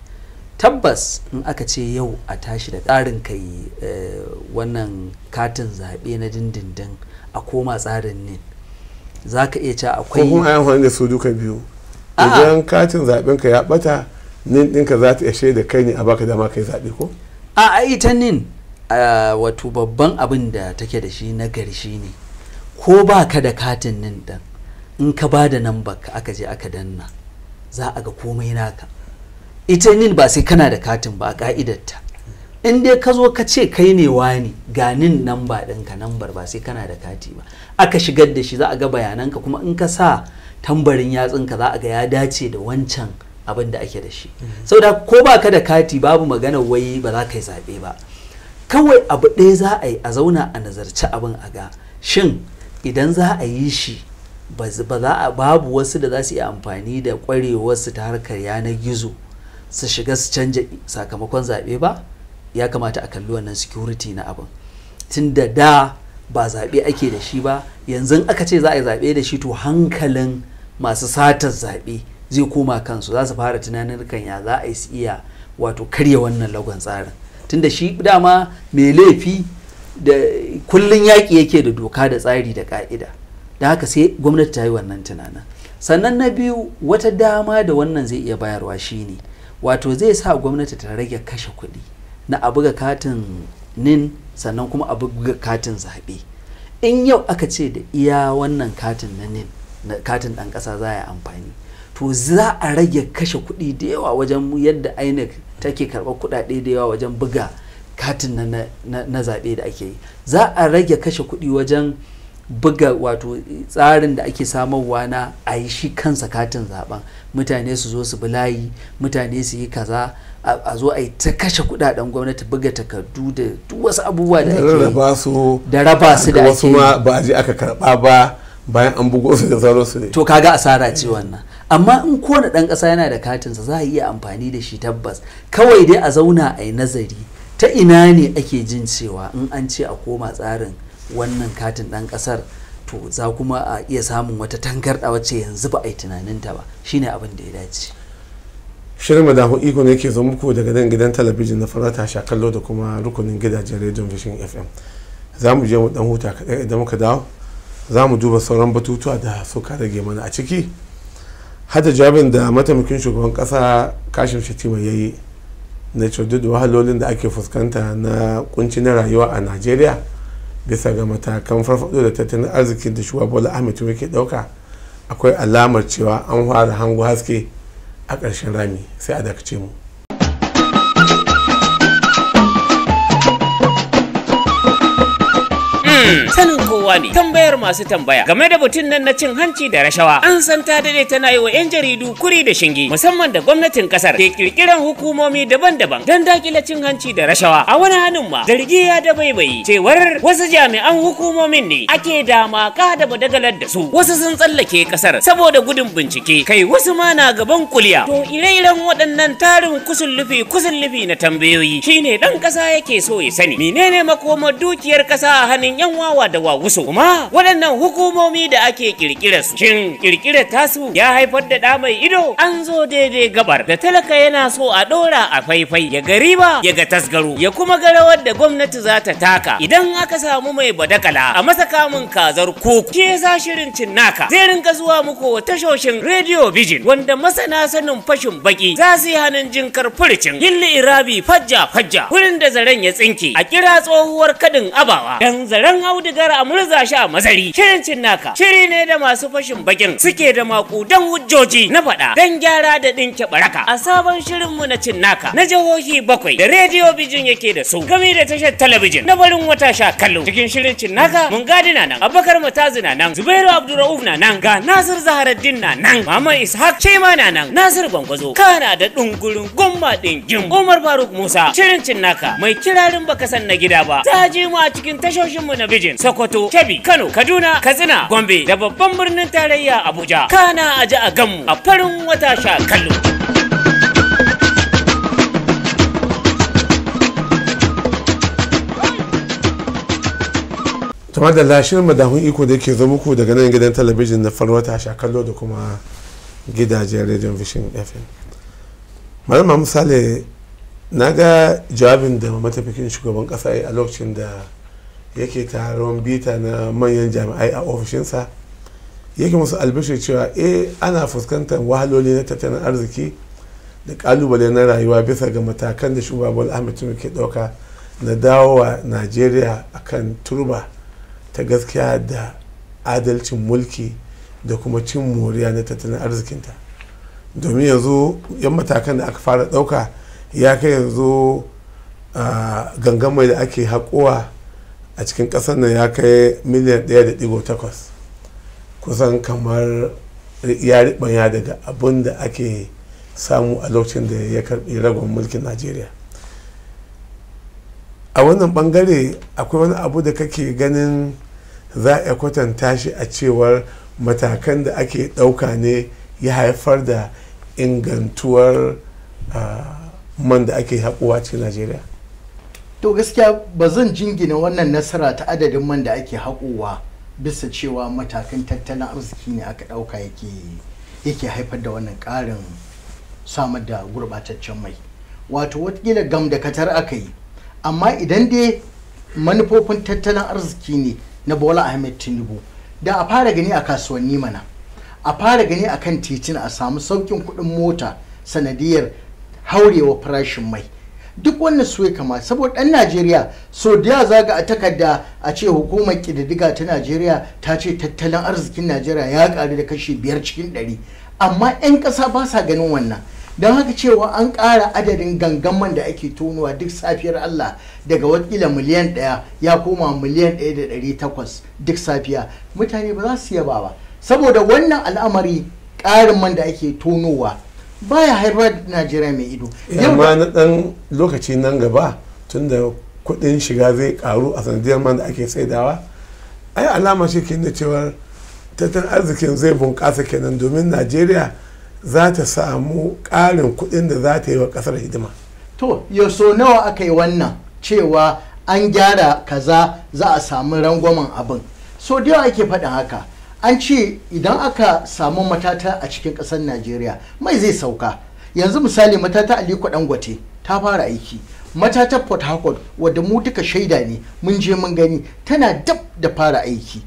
tabbas in aka ce yau a tashi da tsarin kai eh, wannan katin zaɓe na dindindin a koma tsarin nin za ka iya ca akwai kuma ya da su duka biyu idan katin zaɓen ka ya ɓata nin ɗinka za ta iya shaida kai ne a baka dama kai zaɓe ko a ita nin wato babban abin da take da shi na garshi ne ko ba ka da katin nin ɗin in ka ba da nan baka aka je aka danna za a ga komai naka ita nin ba sai kana da katin ba a ka'idarta in dai ka zo ka ce kai ne wani nin nan ba ɗinka nan ba sai kana da kati ba aka shigar da shi za a ga bayananka kuma in ka sa tambarin yatsinka za a ga ya dace da wancan abin da ake da shi saboda ko ba ka da kati babu magana wai ba za ka yi zaɓe ba kawai abu ɗaya za a yi a zauna a nazarci abin a ga shin idan za a yi shi ba za a babu wasu da za su yi amfani da ƙwarewarsu ta harkar yanar gizo su shiga su canja sakamakon zaɓe ba ya kamata a kalli wannan security na abin tun da da ba zaɓe ake da shi ba yanzu aka ce za a yi zaɓe da shi to hankalin masu satar zaɓe zai koma kansu za su fara tunanin kan ya za a yi iya wato karya wannan lagon tsarin tunda shi dama mai laifi da kullun yaƙi yake da doka da tsari da ƙa'ida. da haka sai gwamnati ta yi wannan tunanin sannan na biyu wata dama da wannan zai iya bayarwa shine wato zai sa gwamnati ta rage kashe kuɗi na abu ga katin nin sannan kuma abu ga katin zaɓe in yau aka ce da iya wannan katin na nin katin ɗan ƙasa za a yi amfani to za a rage kashe kuɗi da yawa wajen yadda inec take karɓar kuɗaɗe da yawa wajen buga katin na, zaɓe da ake yi za a rage kashe kuɗi wajen buga wato tsarin da ake samarwa na a yi shi kansa katin zaben mutane su zo su bulayi mutane su yi kaza a zo a yi ta kashe kudaden gwamnati buga takardu da duk wasu abubuwa da ake da raba su da ake wasu ma ba a je aka karba ba bayan an bugo su da sauransu ne to kaga asara ce wannan amma in kowane ɗan ƙasa yana da katinsa za a iya amfani da shi tabbas kawai dai a zauna a yi nazari ta ina ne ake jin cewa in an ce a koma tsarin wannan katin ɗan ƙasar to za kuma a iya samun wata tangarɗa wace yanzu ba a yi tunaninta ba shine abin da ya dace shirin madahu iko ne ke zo muku daga nan gidan talabijin na farata sha kallo da kuma rukunin gidajen rediyon vision fm za mu je mu dan huta kaɗai idan muka dawo za mu duba sauran batutuwa da suka rage mana a ciki hada jabin da mataimakin shugaban kasa kashin shatima ya yi na duk da wahalolin da ake fuskanta na kunci na rayuwa a najeriya bisa ga matakan farfado da tattalin arziki da shugaba bola ahmed tinubu ke dauka akwai alamar cewa an fara hangu haske a ƙarshen rami sai a dakace mu sanin kowa ne tambayar masu tambaya game da batun nan na cin hanci da rashawa an san ta dade tana yi wa 'yan jaridu kuri da shinge musamman da gwamnatin kasar ke kirkiran hukumomi daban-daban don dakile cin hanci da rashawa a wani hannun ma zargi ya da baibayi cewar wasu jami'an hukumomin ne ake dama ka da badagalar da su wasu sun tsallake kasar saboda gudun bincike kai wasu ma na gaban kuliya to ire-iren waɗannan tarin kusullufi kusullufi na tambayoyi shine dan ƙasa yake so ya sani menene makomar dukiyar ƙasa a hannun 'yan 'yan wawa da wawuso kuma waɗannan hukumomi da ake ƙirƙirar su shin kirkira tasu ya haifar da ɗa mai ido an zo daidai gabar da talaka yana so a ɗora a faifai ya ga riba ya ga tasgaro ya kuma ga rawar da gwamnati za ta taka idan aka samu mai badakala a masa kamun kazar kuku ke za shirin cin naka? zai rinka zuwa muku tashoshin radio vision wanda masana sanin fashin baki za su yi hannun jin karfurcin yilli irabi fajja fajja wurin da zaren ya tsinke a kira tsohuwar kadin abawa dan zaren dan audigar a murza shi a mazari shirin cin naka shiri ne da masu fashin bakin suke da makudan hujjoji na faɗa dan gyara da ɗinke baraka a sabon shirin mu na cin naka na jihohi bakwai da rediyo bijin yake da su gami da tashar talabijin na barin wata sha kallo cikin shirin cin naka mun gadi na nan abakar matazu na nan zubairu abdurrauf na nan ga nasir zaharaddin na nan mama ishaq shema na nan nasir gwangwazo kana da ɗungurin gumma ɗin gin umar faruk musa shirin cin naka mai kirarin baka san na gida ba ta ji mu a cikin tashoshinmu na talabijin Sokoto, Kebbi, Kano, Kaduna, Katsina, Gombe da babban birnin tarayya Abuja. Kana a ji a ganmu a farin wata sha kallo. kamar da lashin madahun iko da ke zo muku daga nan gidan talabijin na farin wata sha kallo da kuma gidajen radio vision fm malama misali na ga jawabin da matafikin shugaban kasa a lokacin da yake taron bita na manyan jami'ai a ofishinsa yake musu albishe cewa e ana fuskantar wahaloli na tattalin arziki da kalubale na rayuwa bisa ga matakan da shugaban ahmed tinubu ke dauka na dawowa najeriya akan turba ta gaskiya da adalcin mulki da kuma cin moriya na tattalin arzikinta domin yanzu yan matakan da aka fara dauka ya kai yanzu ah, gangan mai da ake haƙowa a cikin ƙasar nan ya kai miliyan 1.8 kusan kamar ya riɓanya daga abin da ake samu a lokacin da ya karɓi ragon mulkin najeriya a wannan bangare akwai wani abu da kake ganin za a kwatanta shi a cewar matakan da ake ɗauka ne ya haifar da ingantuwar ah, man da ake haƙuwa cikin najeriya to gaskiya ba zan jingina wannan nasara ta adadin man da ake haƙowa bisa cewa matakan tattalin arziki ne aka ɗauka yake haifar da wannan ƙarin samar da gurɓataccen mai wato watakila gam da katar aka yi amma idan dai manufofin tattalin arziki ne na bola ahmed tinubu da a fara gani a kasuwanni mana a fara gani a kan titin a samu sauƙin kuɗin mota sanadiyar haurewa farashin mai duk wannan su ya kamata saboda ɗan najeriya so da zaga a takarda a ce hukumar ƙididdiga ta najeriya ta ce tattalin arzikin najeriya ya ƙaru da kashi biyar cikin ɗari amma 'yan ƙasa ba sa ganin wannan don haka cewa an ƙara adadin gangan man da ake tonowa duk safiyar Allah daga watakila miliyan ɗaya ya koma miliyan ɗaya da ɗari takwas duk safiya mutane ba za su yaba ba saboda wannan al'amari ƙarin man da ake tonowa baya haifar da najeriya mai ido amma na dan lokaci nan gaba tun da kudin shiga zai karu a sanadiyar man da ake saidawa ai alama shi ke da cewar tattalin arzikin zai bunƙasa kenan domin najeriya za ta samu ƙarin kuɗin da za ta yi wa ƙasar hidima to ya so nawa aka yi wannan cewa an gyara kaza za a samu rangwamen abin so da yawa ake faɗin haka an ce idan aka samu matata a cikin ƙasar najeriya mai zai sauka yanzu misali matata aliko dangote ta fara aiki matata port harcourt wadda mu duka shaida ne mun je mun gani tana dab da fara aiki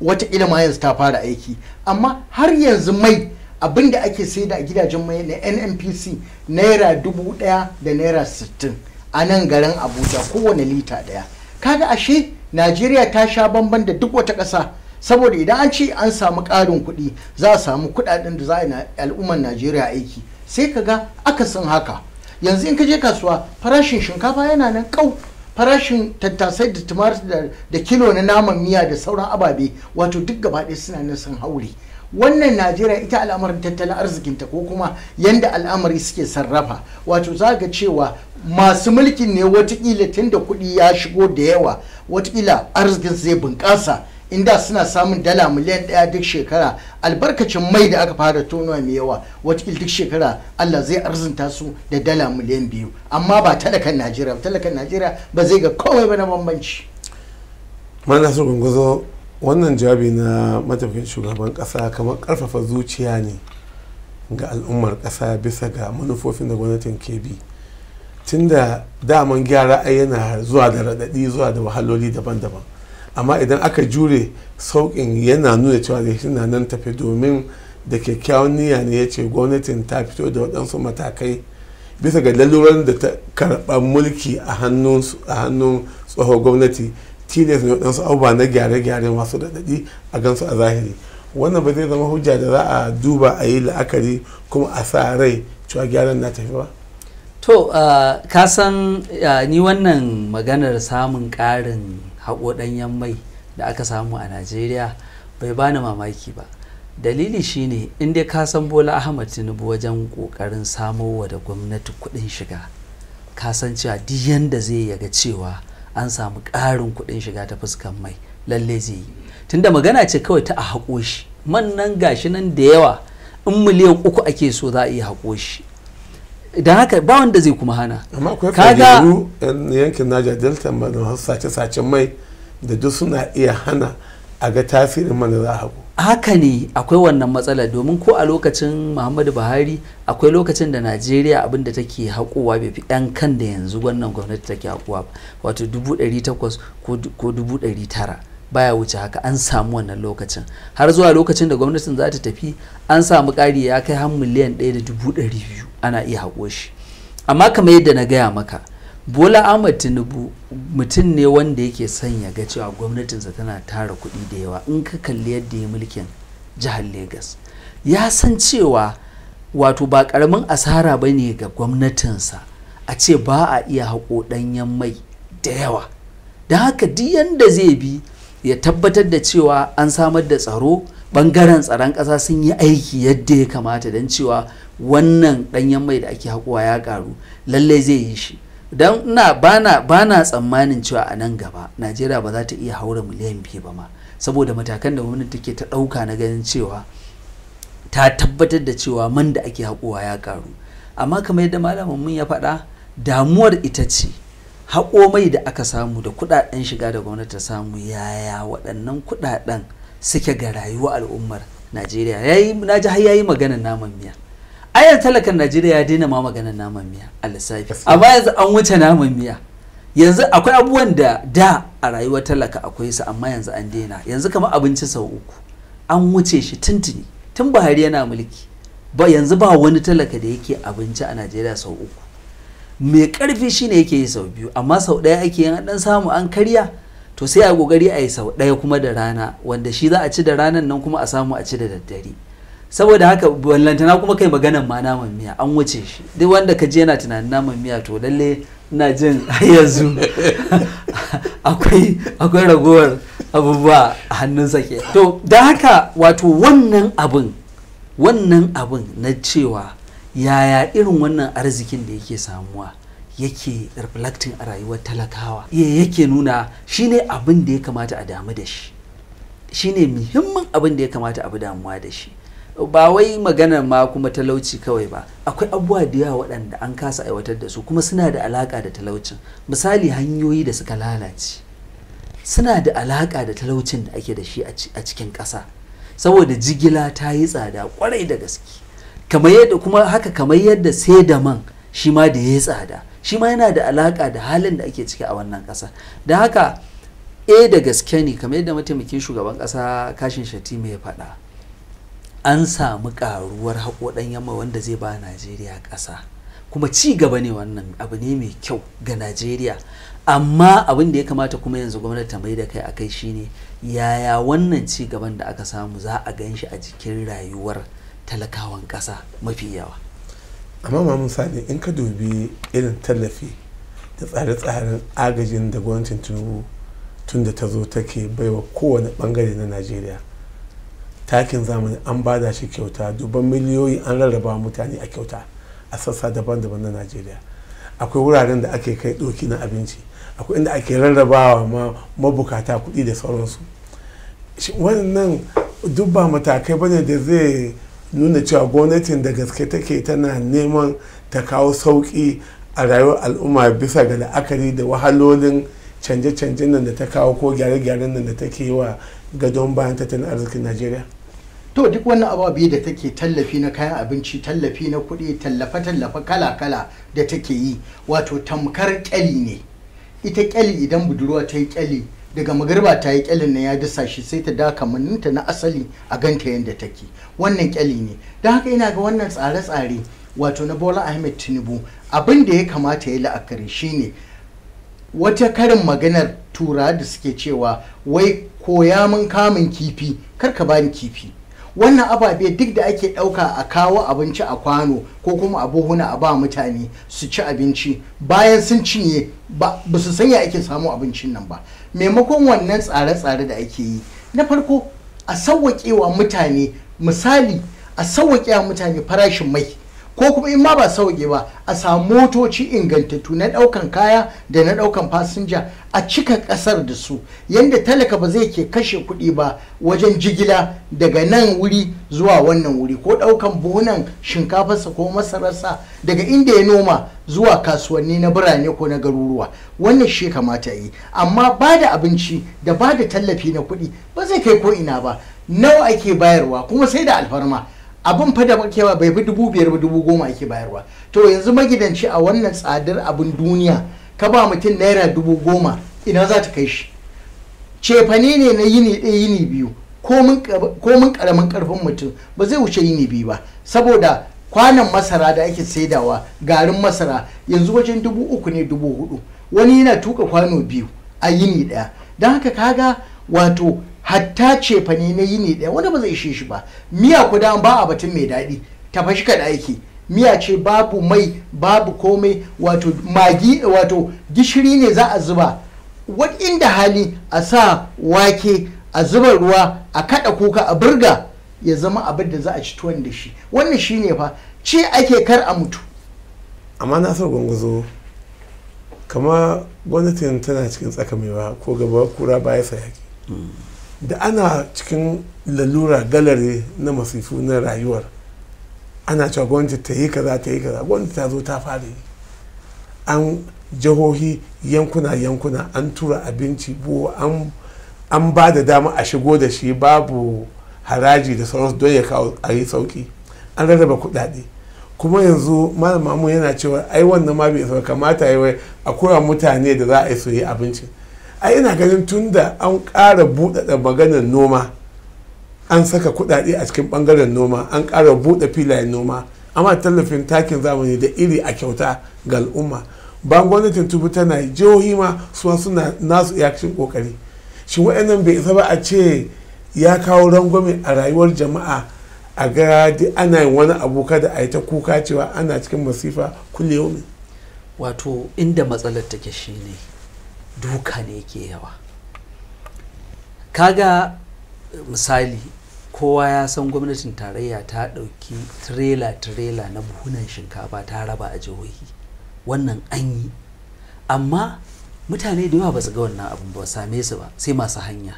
wata ma yanzu ta fara aiki amma har yanzu mai abin da ake saida a gidajen mai na nnpc naira dubu daya da naira sittin a nan garin abuja kowane lita daya kaga ashe najeriya ta sha bamban da duk wata ƙasa saboda idan an ce an samu ƙarin kuɗi za a samu kuɗaɗen da za a yi al'ummar najeriya aiki sai ka ga akasin haka yanzu in ka je kasuwa farashin shinkafa yana nan kau farashin tattasai da tumatir da kilo na naman miya da sauran ababe wato duk gaba ɗaya suna nan sun haure wannan najeriya ita al'amarin tattalin arzikinta ko kuma yanda al'amari suke sarrafa wato za ga cewa masu mulkin ne watakila tun da kuɗi ya shigo da yawa watakila arzikin zai bunƙasa inda suna samun dala miliyan ɗaya duk shekara albarkacin mai da aka fara tonuwa mai yawa watakil duk shekara allah zai arzinta su da dala miliyan biyu amma ba talakan najeriya ba talakan najeriya ba zai ga komai ba na bambanci mana su gunguzo wannan jawabi na matafin shugaban kasa kamar karfafa zuciya ne ga al'ummar kasa bisa ga manufofin da gwamnatin ke bi tunda daman gyara ai yana zuwa da raɗaɗi zuwa da wahaloli daban-daban amma idan aka jure sauƙin yana nuna cewa da shi nan tafi domin da kyakkyawan niyya ne ya ce gwamnatin ta fito da waɗansu matakai bisa ga laluran da ta karɓar mulki a hannun tsohon gwamnati tilas ne waɗansu abubuwa na gyare-gyare masu daɗaɗi a gansu a zahiri wannan ba zai zama hujja da za a duba a yi la'akari kuma a sa rai cewa gyaran na tafi ba to ah, ka san ah, ni wannan maganar samun ƙarin haƙo ɗanyen mai da aka samu a najeriya bai bani mamaki ba dalili shine in dai ka san bola ahmad tinubu wajen ƙoƙarin samowa da gwamnati kuɗin shiga ka san cewa duk yanda zai yaga cewa an samu ƙarin kuɗin shiga ta fuskan mai lalle zai yi tunda magana ce kawai ta a haƙo shi man nan gashi nan da yawa in miliyan uku ake so za a iya haƙo shi idan haka ba wanda zai kuma hana amma akwai fajiru yankin naja delta ma da sace sacen mai da duk suna iya hana a ga tasirin mana za a hagu haka ne akwai wannan matsala domin ko a lokacin muhammadu buhari akwai lokacin da najeriya abin da take haƙowa bai fi ɗan kan da yanzu wannan gwamnati take haƙowa ba wato 800 ko tara baya wuce haka an samu wannan lokacin har zuwa lokacin da gwamnatin za ta tafi an samu ƙari ya kai har miliyan ɗaya da dubu ɗari biyu ana iya haƙo shi amma kamar yadda na gaya maka bola ahmad tinubu mutum ne wanda yake son ya ga cewa gwamnatinsa tana tara kuɗi da yawa in ka kalli yadda ya mulkin jihar Legas ya san cewa wato ba ƙaramin asara ba ne ga gwamnatinsa a ce ba a iya haƙo ɗanyen mai da yawa don haka duk yanda zai bi ya tabbatar da cewa an samar da tsaro bangaren tsaron ƙasa sun yi aiki yadda ya kamata don cewa wannan ɗanyen mai da ake haƙuwa ya ƙaru lallai zai yi shi don na bana bana tsammanin cewa a nan gaba najeriya ba za ta iya haura miliyan biyu ba ma saboda matakan da gwamnati take ta ɗauka na ganin cewa ta tabbatar da cewa man da ake haƙuwa ya ƙaru amma kamar yadda malamin mun ya faɗa damuwar ita ce haƙo mai da aka samu da kuɗaɗen shiga da gwamnati ta samu yaya waɗannan kuɗaɗen suke ga rayuwar al'ummar najeriya yayi na ji har yayi maganar naman miya ayar talakan najeriya ya daina ma maganar naman miya a lissafi amma yanzu an wuce naman miya yanzu akwai abubuwan da da a rayuwar talaka akwai su amma yanzu an daina yanzu kamar abinci sau uku an wuce shi tuntuni tun buhari yana mulki ba yanzu ba wani talaka da yake abinci a najeriya sau uku mai karfi shine yake yi sau biyu amma sau ɗaya ake yin dan samu an karya to sai a gogari a yi sau ɗaya kuma da rana wanda shi za a ci da ranan nan kuma a samu a ci da daddare saboda haka wallantana kuma kai maganan ma naman miya an wuce shi duk wanda ka je yana tunanin naman miya to lalle ina jin (laughs) yanzu (laughs) akwai akwai ragowar abubuwa a hannunsa ke to da haka wato wannan abin wannan abin na cewa yaya irin wannan arzikin da yake samuwa yake reflecting a rayuwar talakawa iya yake nuna shine abin da ya kamata a damu da shi shine muhimmin abin da ya kamata a bi damuwa da shi ba wai maganar ma kuma talauci kawai ba akwai abubuwa da yawa waɗanda an kasa aiwatar da su kuma suna da alaƙa da talaucin misali hanyoyi da suka lalace suna da alaƙa da talaucin da ake da shi a cikin ƙasa saboda jigila ta yi tsada kwarai da gaske kamar yadda kuma haka kamar yadda sai da man shi ma da ya yi tsada shi ma yana da alaka da halin da ake ciki a wannan ƙasa da haka Eh da gaske ne kamar yadda mataimakin shugaban ƙasa kashin shati mai faɗa an samu ƙaruwar haƙoɗan yamma wanda zai ba najeriya ƙasa kuma ci gaba ne wannan abu ne mai kyau ga najeriya amma abin da ya kamata kuma yanzu gwamnati ta mai da kai a kai shine yaya wannan ci gaban da aka samu za a gan shi a jikin rayuwar talakawan ƙasa mafi yawa amma ma misali in ka dubi irin tallafi da tsare-tsaren agajin da gwamnatin tinubu tun da ta zo take baiwa kowane bangare na najeriya takin zamani an bada shi kyauta dubban miliyoyi an rarraba mutane a kyauta a sassa daban-daban na najeriya akwai wuraren da ake kai doki na abinci akwai inda ake rarrabawa ma mabukata kuɗi da sauransu wannan duk ba matakai bane da zai nuna cewa gwamnatin da gaske take tana neman ta kawo sauƙi a rayuwar al'umma bisa ga la'akari da wahalolin canje-canjen nan da ta kawo ko gyare-gyaren nan da take yi wa gadon bayan tattalin arzikin najeriya to duk wannan ababe da take tallafi na kayan abinci tallafi na kuɗi tallafe-tallafe kala-kala da take yi wato tamkar kyali ne ita kyali idan budurwa ta yi kyali daga magariba ta yi kyalin na ya dasa shi sai ta daka kamanninta na asali a ganta yadda take wannan kyali ne don haka ina ga wannan tsare-tsare wato na bola ahmed tinubu abin da ya kamata ya la'akari shine wata karin maganar tura da suke cewa wai koya mun kamun kifi kar ka bani kifi wannan ababe duk da ake ɗauka a kawo abinci a kwano ko kuma a buhuna a ba mutane su ci abinci bayan sun cinye ba su sanya ake samu abincin nan ba maimakon wannan tsare-tsare da ake yi na farko a sauwaƙewa mutane misali a sauwaƙewa mutane farashin mai ko kuma in ma ba sauke ba a samu motoci ingantattu na ɗaukan kaya da na ɗaukan fasinja a cika ƙasar da su yadda talaka ba zai ke kashe kuɗi ba wajen jigila daga nan wuri zuwa wannan wuri ko ɗaukan bonan shinkafarsa ko masararsa daga inda ya noma zuwa kasuwanni na birane ko na garuruwa wannan shi kamata yi amma ba da abinci da ba da tallafi na kuɗi ba zai kai ko ina ba nawa ake bayarwa kuma sai da alfarma abin fa da bai fi dubu biyar ba dubu goma ake bayarwa to yanzu magidanci a wannan tsadar abin duniya ka ba mutum naira dubu goma ina za ta kai shi cefane ne na yini ɗaya yini biyu ko komin karamin karfin mutum ba zai wuce yini biyu ba saboda kwanan masara da ake saidawa garin masara yanzu wajen dubu uku ne dubu hudu wani yana tuka kwano biyu a yini ɗaya don haka kaga wato hatta ne na yi ne ɗaya wanda ba zai ishe shi ba miya ku da ba a batun mai daɗi tafa ka kaɗa aiki miya ce babu mai babu komai wato magi wato gishiri ne za a zuba wat inda hali a sa wake a zuba ruwa a kaɗa kuka a burga ya zama abin da za a ci tuwon da shi wannan shi ne fa ce ake kar a mutu amma na so gwangwazo kama gwamnatin tana cikin tsakamewa ko gaba kura baya sayaki hmm. da ana cikin lalura galare na masifu na rayuwar ana cewa gwamnati ta yi kaza ta yi kaza gwamnati ta zo ta fara yi an jihohi yankuna yankuna an tura abinci buwa an ba da dama a shigo da shi babu haraji da sauransu don ya kawo a yi sauki an rarraba kuɗaɗe kuma yanzu malam mamu yana cewa ai wannan ma bai sauka kamata yi wai a koya mutane da za a yi su yi abinci a ina ganin tun da an ƙara buɗaɗa maganar noma an saka kuɗaɗe a cikin ɓangaren noma an ƙara buɗe filayen noma amma tallafin takin zamani da iri a kyauta ga al'umma ba gwamnatin tubu tana jihohi ma su suna nasu iyakacin kokari shi wa'annan bai isa ba a ce ya kawo rangwame a rayuwar jama'a a gadi ana yin wani abu kada a yi ta kuka cewa ana cikin masifa kulle wato inda matsalar take shine duka ne ke yawa kaga misali kowa ya san gwamnatin tarayya ta ɗauki tirela-tirela na buhunan shinkafa ta raba a jihohi wannan an yi amma mutane da yawa ba su ga wannan abin ba same su ba sai masu hanya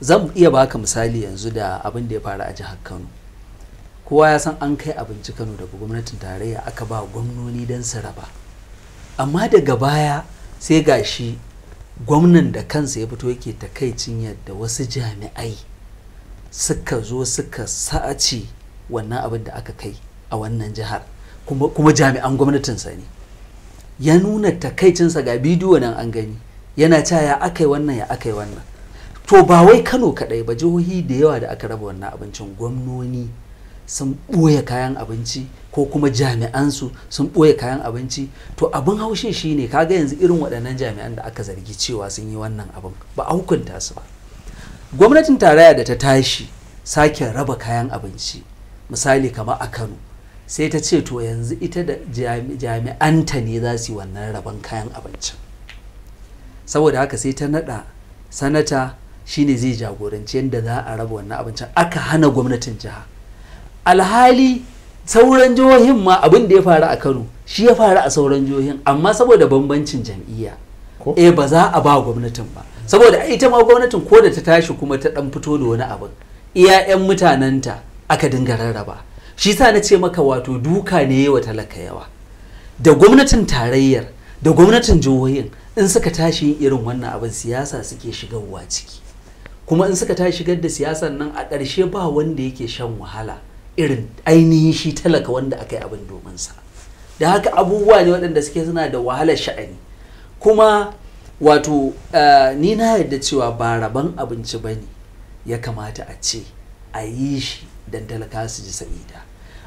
zan iya baka misali yanzu da abin da ya faru a jihar kano kowa ya san an kai abinci kano daga gwamnatin tarayya aka ba gwamnoni don su raba amma daga baya sai gashi gwamnan da kansa ya fito yake takaicin yadda wasu jami'ai suka zo suka sa'aci wannan abin da aka kai a wannan jihar kuma, kuma jami'an gwamnatinsa ne ya nuna takaicinsa ga bidiyo nan an gani yana cewa ya aka yi wannan ya aka yi wannan to ba wai kano kaɗai ba jihohi da yawa da aka raba wannan abincin gwamnoni sun ɓoye kayan abinci ko kuma jami'ansu sun ɓoye kayan abinci to abin haushin shine kaga yanzu irin waɗannan jami'an da aka zargi cewa sun yi wannan abin ba a hukunta su ba gwamnatin tarayya da ta tashi sake raba kayan abinci misali kamar a kano sai ta ce to yanzu ita da jami'anta ne za su yi wannan raban kayan abincin saboda haka sai ta naɗa sanata shine zai jagoranci yadda za a raba wannan abincin aka hana gwamnatin jiha alhali sauran jihohin ma abin da ya faru a kano shi ya faru a sauran jihohin amma saboda bambancin jam'iyya eh ba za a ba gwamnatin ba saboda ita ma gwamnatin ko da ta tashi kuma ta dan fito da wani abin iya 'yan mutanenta aka dinga rarraba shi sa na ce maka wato duka ne yawa talaka yawa da gwamnatin tarayyar da gwamnatin jihohin in suka tashi irin wannan abin siyasa suke shigarwa ciki kuma in suka tashi shigar da siyasan nan a ƙarshe ba wanda yake shan wahala irin ainihin shi talaka wanda aka yi abin domin sa da haka abubuwa ne waɗanda suke suna da wahalar sha'ani kuma wato eh, ni na yarda cewa ba rabon abinci ba ne ya kamata a ce a yi shi don talaka su ji sa'ida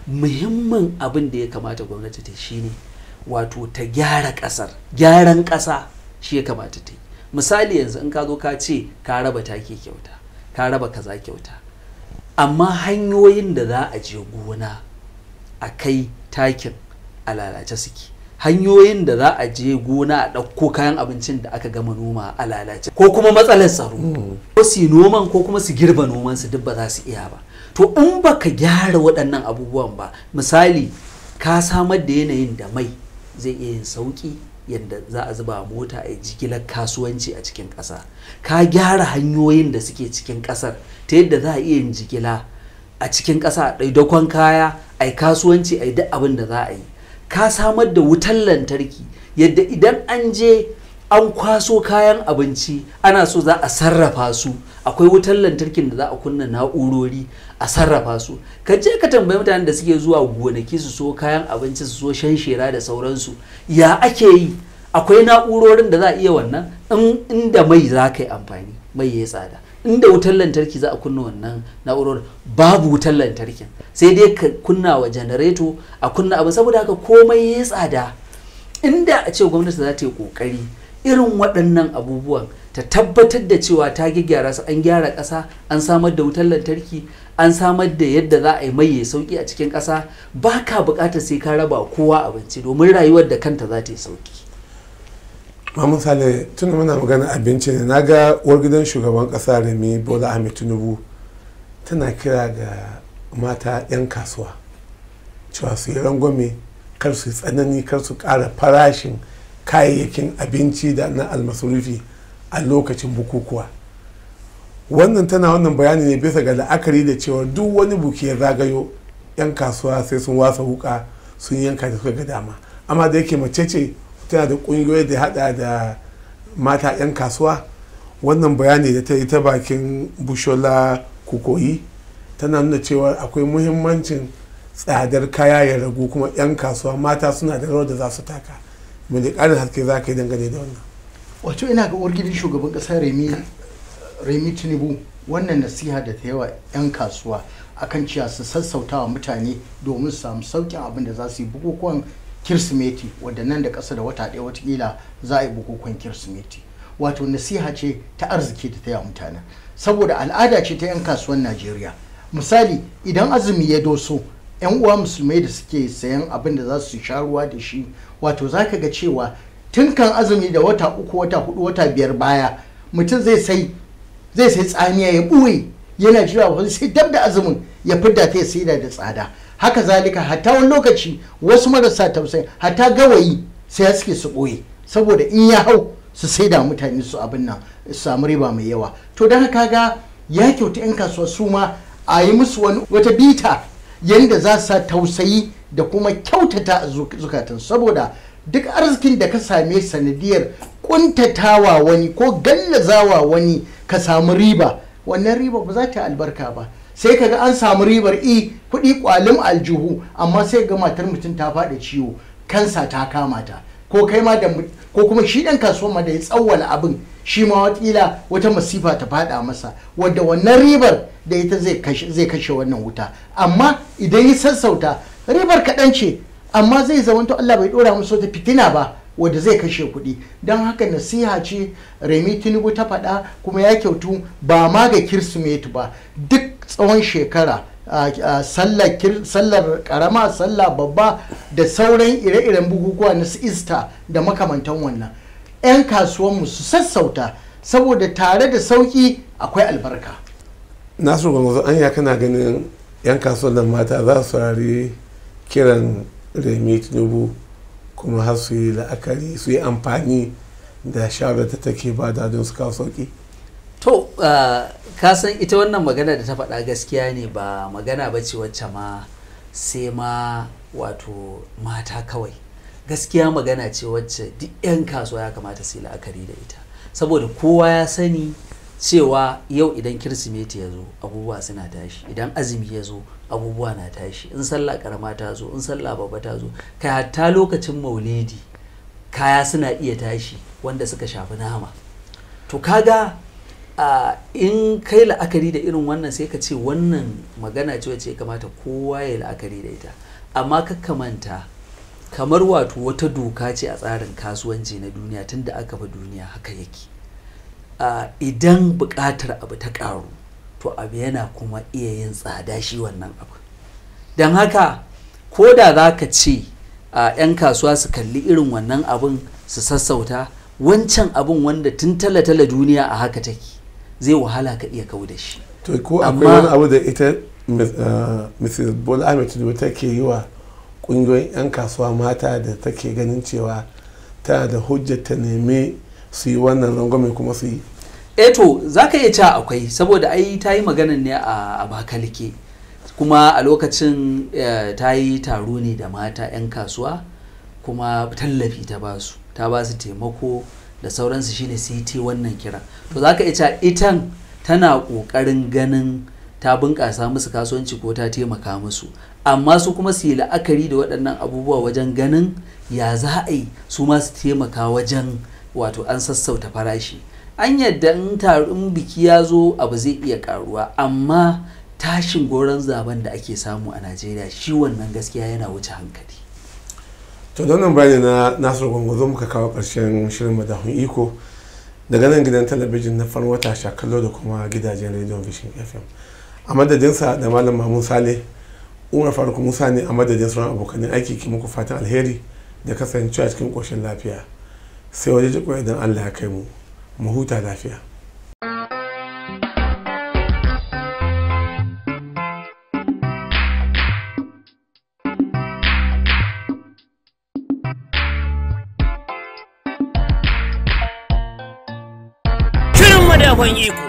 muhimmin abin da ya kamata gwamnati ta shi ne wato ta gyara ƙasar gyaran ƙasa shi ya kamata ta yi misali yanzu in ka zo ka ce ka raba take kyauta ka raba kaza kyauta amma hanyoyin da za a je gona a kai takin a lalace suke hanyoyin da za a je gona a ɗauko kayan abincin da aka gama noma a lalace ko kuma matsalar tsaro hmm. ko su noman ko kuma su girba noman su duk ba za su iya ba to in baka gyara waɗannan abubuwan ba misali ka samar da yanayin da mai zai iya yin sauƙi yadda za a zuba mota a jigilar kasuwanci a cikin ƙasa ka gyara hanyoyin da suke cikin ƙasar ta yadda za a iya yin jigila a cikin ƙasa a kaya a yi kasuwanci a yi duk abin da za a yi ka samar da wutar lantarki yadda idan an je an kwaso kayan abinci ana so za a sarrafa su akwai wutar lantarkin da za a kunna na'urori a sarrafa su ka je ka tambayi mutanen da suke zuwa gonaki su so kayan abinci su so shan shera da sauransu ya ake yi akwai na'urorin da za a iya wannan inda mai za ka yi amfani mai ya tsada inda wutar lantarki za a kunna wannan na'urar babu wutar lantarki. sai dai ka kunna wa janareto a kunna abin. saboda haka komai ya tsada inda a ce gwamnati za ta yi kokari irin waɗannan abubuwan ta tabbatar da cewa ta gyara su an gyara ƙasa an samar da wutar lantarki an samar da yadda za a yi mai ya sauki a cikin ƙasa ba ka buƙatar sai ka raba kowa abinci domin rayuwar da kanta za ta yi sauki maminsale sale tun muna magana abinci ne na ga uwar gidan shugaban kasa remi bola ahmed tinubu tana kira ga mata 'yan kasuwa cewa su yi rangwame kar su tsanani kar su kara farashin kayayyakin abinci da na almasurufi a lokacin bukukuwa wannan tana wannan bayani ne bisa ga la'akari da cewa duk wani buki ya zagayo 'yan kasuwa sai sun wasa wuka sun yanka da suka ga dama amma da yake mace ce tana da kungiyoyi da hada da mata 'yan kasuwa wannan bayani da ta yi ta bakin bushola kukoyi tana nuna cewa akwai muhimmancin tsadar kaya ya ragu kuma 'yan kasuwa mata suna da rawar da za su taka mai da ƙarin haske za ka yi dangane da wannan wato ina ga uwar shugaban ƙasar remi tinubu wannan nasiha da ta yawa 'yan kasuwa akan cewa su sassautawa mutane domin su samu sauƙin abin da za su yi bukukuwan kirsimeti wadda nan da ƙasa da wata ɗaya watakila za a yi bukukuwan kirsimeti wato nasiha ce ta arziki da ta yi mutanen saboda al'ada ce ta 'yan kasuwan najeriya misali idan azumi ya doso 'yan uwa musulmai da suke sayan abin da za su sha ruwa da shi wato za ka ga cewa tun kan azumi da wata uku wata hudu wata biyar baya mutum zai sai zai tsamiya ya buwe yana jira wani sai dab da azumin ya fidda ta ya saida da tsada haka zalika hatta wani lokaci wasu marasa tausayi hatta gawayi sai suke su ɓoye saboda in ya hau su sai da mutane su abin nan su samu riba mai yawa to don haka ga ya kyauta 'yan kasuwa su ma a yi musu wata bita yadda za su tausayi da kuma kyautata zukatan saboda duk arzikin da ka same sanadiyar kuntatawa wani ko gallazawa wani ka samu riba wannan riba ba za ta albarka ba sai kaga an samu ribar i e, kuɗi kwalim aljihu amma sai ga matar mutum ta faɗi ciwo kansa ta kama ta ko kai ma da ko kuma shi ɗan kasuwar ma da ya tsawwala abin shi ma watakila wata masifa ta faɗa masa wadda wannan ribar da ita zai kashe wannan wuta amma idan ya sassauta ribar kaɗan ce amma zai zamanto Allah bai ɗora musu wata fitina ba wanda zai kashe kuɗi don haka nasiha ce remi tinubu ta faɗa kuma ya kyautu ba ma ga kirsimeti ba duk tsawon shekara sallar karama sallah babba da sauran ire-iren bukukuwa na ista da makamantan wannan 'yan kasuwanmu su sassauta saboda tare da sauki akwai albarka nasu gwamnati anya kana ganin 'yan kasuwan mata za su rari kiran remi tinubu kuma har su yi la'akari su yi amfani da shawarar ta take ba don su kawo sauki to eh, ka san ita wannan magana da ta faɗa gaskiya ne ba magana ba ce wacce ma sai ma wato mata kawai gaskiya magana ce wacce duk 'yan kasuwa ya kamata su yi la'akari da ita saboda kowa ya sani cewa yau idan kirsimeti ya zo abubuwa suna tashi idan azumi ya zo abubuwa na tashi in sallah karama ta zo in sallah babba ta zo kai hatta lokacin maulidi kaya suna iya tashi wanda suka shafi nama to kaga in kai la'akari da irin wannan sai ka ce wannan magana ce wacce kamata kowa ya la'akari da ita amma ka manta kamar wato wata doka ce a tsarin kasuwanci na duniya tun da aka fa duniya haka yake idan buƙatar abu ta ƙaru to abu yana kuma iya yin tsada shi wannan abu don haka ko da za ka ce a yan kasuwa su kalli irin wannan abun su sassauta wancan abin wanda tun tala-tala duniya a haka take zai wahala ka iya kawo da shi to ko akwai wani abu da ita mrs uh, bola ahmed tinubu take yi wa kungiyoyin 'yan kasuwa mata da take ganin cewa tana da hujjar ta neme su yi wannan rangwame kuma su yi eto eh za ka iya ca akwai saboda ai ta yi magana ne a abakalike kuma a lokacin eh, ta yi taro ne da mata 'yan kasuwa kuma tallafi ta basu ta basu taimako da sauransu shine sai ta wannan kira to za ka ita itan tana kokarin ganin ta bunƙasa musu kasuwanci ko ta taimaka musu amma su kuma su yi la'akari da waɗannan abubuwa wajen ganin ya za a yi su ma su taimaka wajen wato an sassauta farashi an yadda in tarin biki ya zo abu zai iya karuwa amma tashin goron zaben da ake samu a najeriya shi wannan gaskiya yana wuce hankali to don nan bayani na nasiru zo muka kawo ƙarshen shirin madahun iko daga nan gidan talabijin na farin wata shakallo da kuma gidajen rediyon vision fm a madadin sa da malam mamun sale umar faruk musa ne a madadin sauran abokanin aiki ke muku fatan alheri da kasancewa cikin koshin lafiya sai waje jiko idan allah ya kai mu mu huta lafiya 再混一股。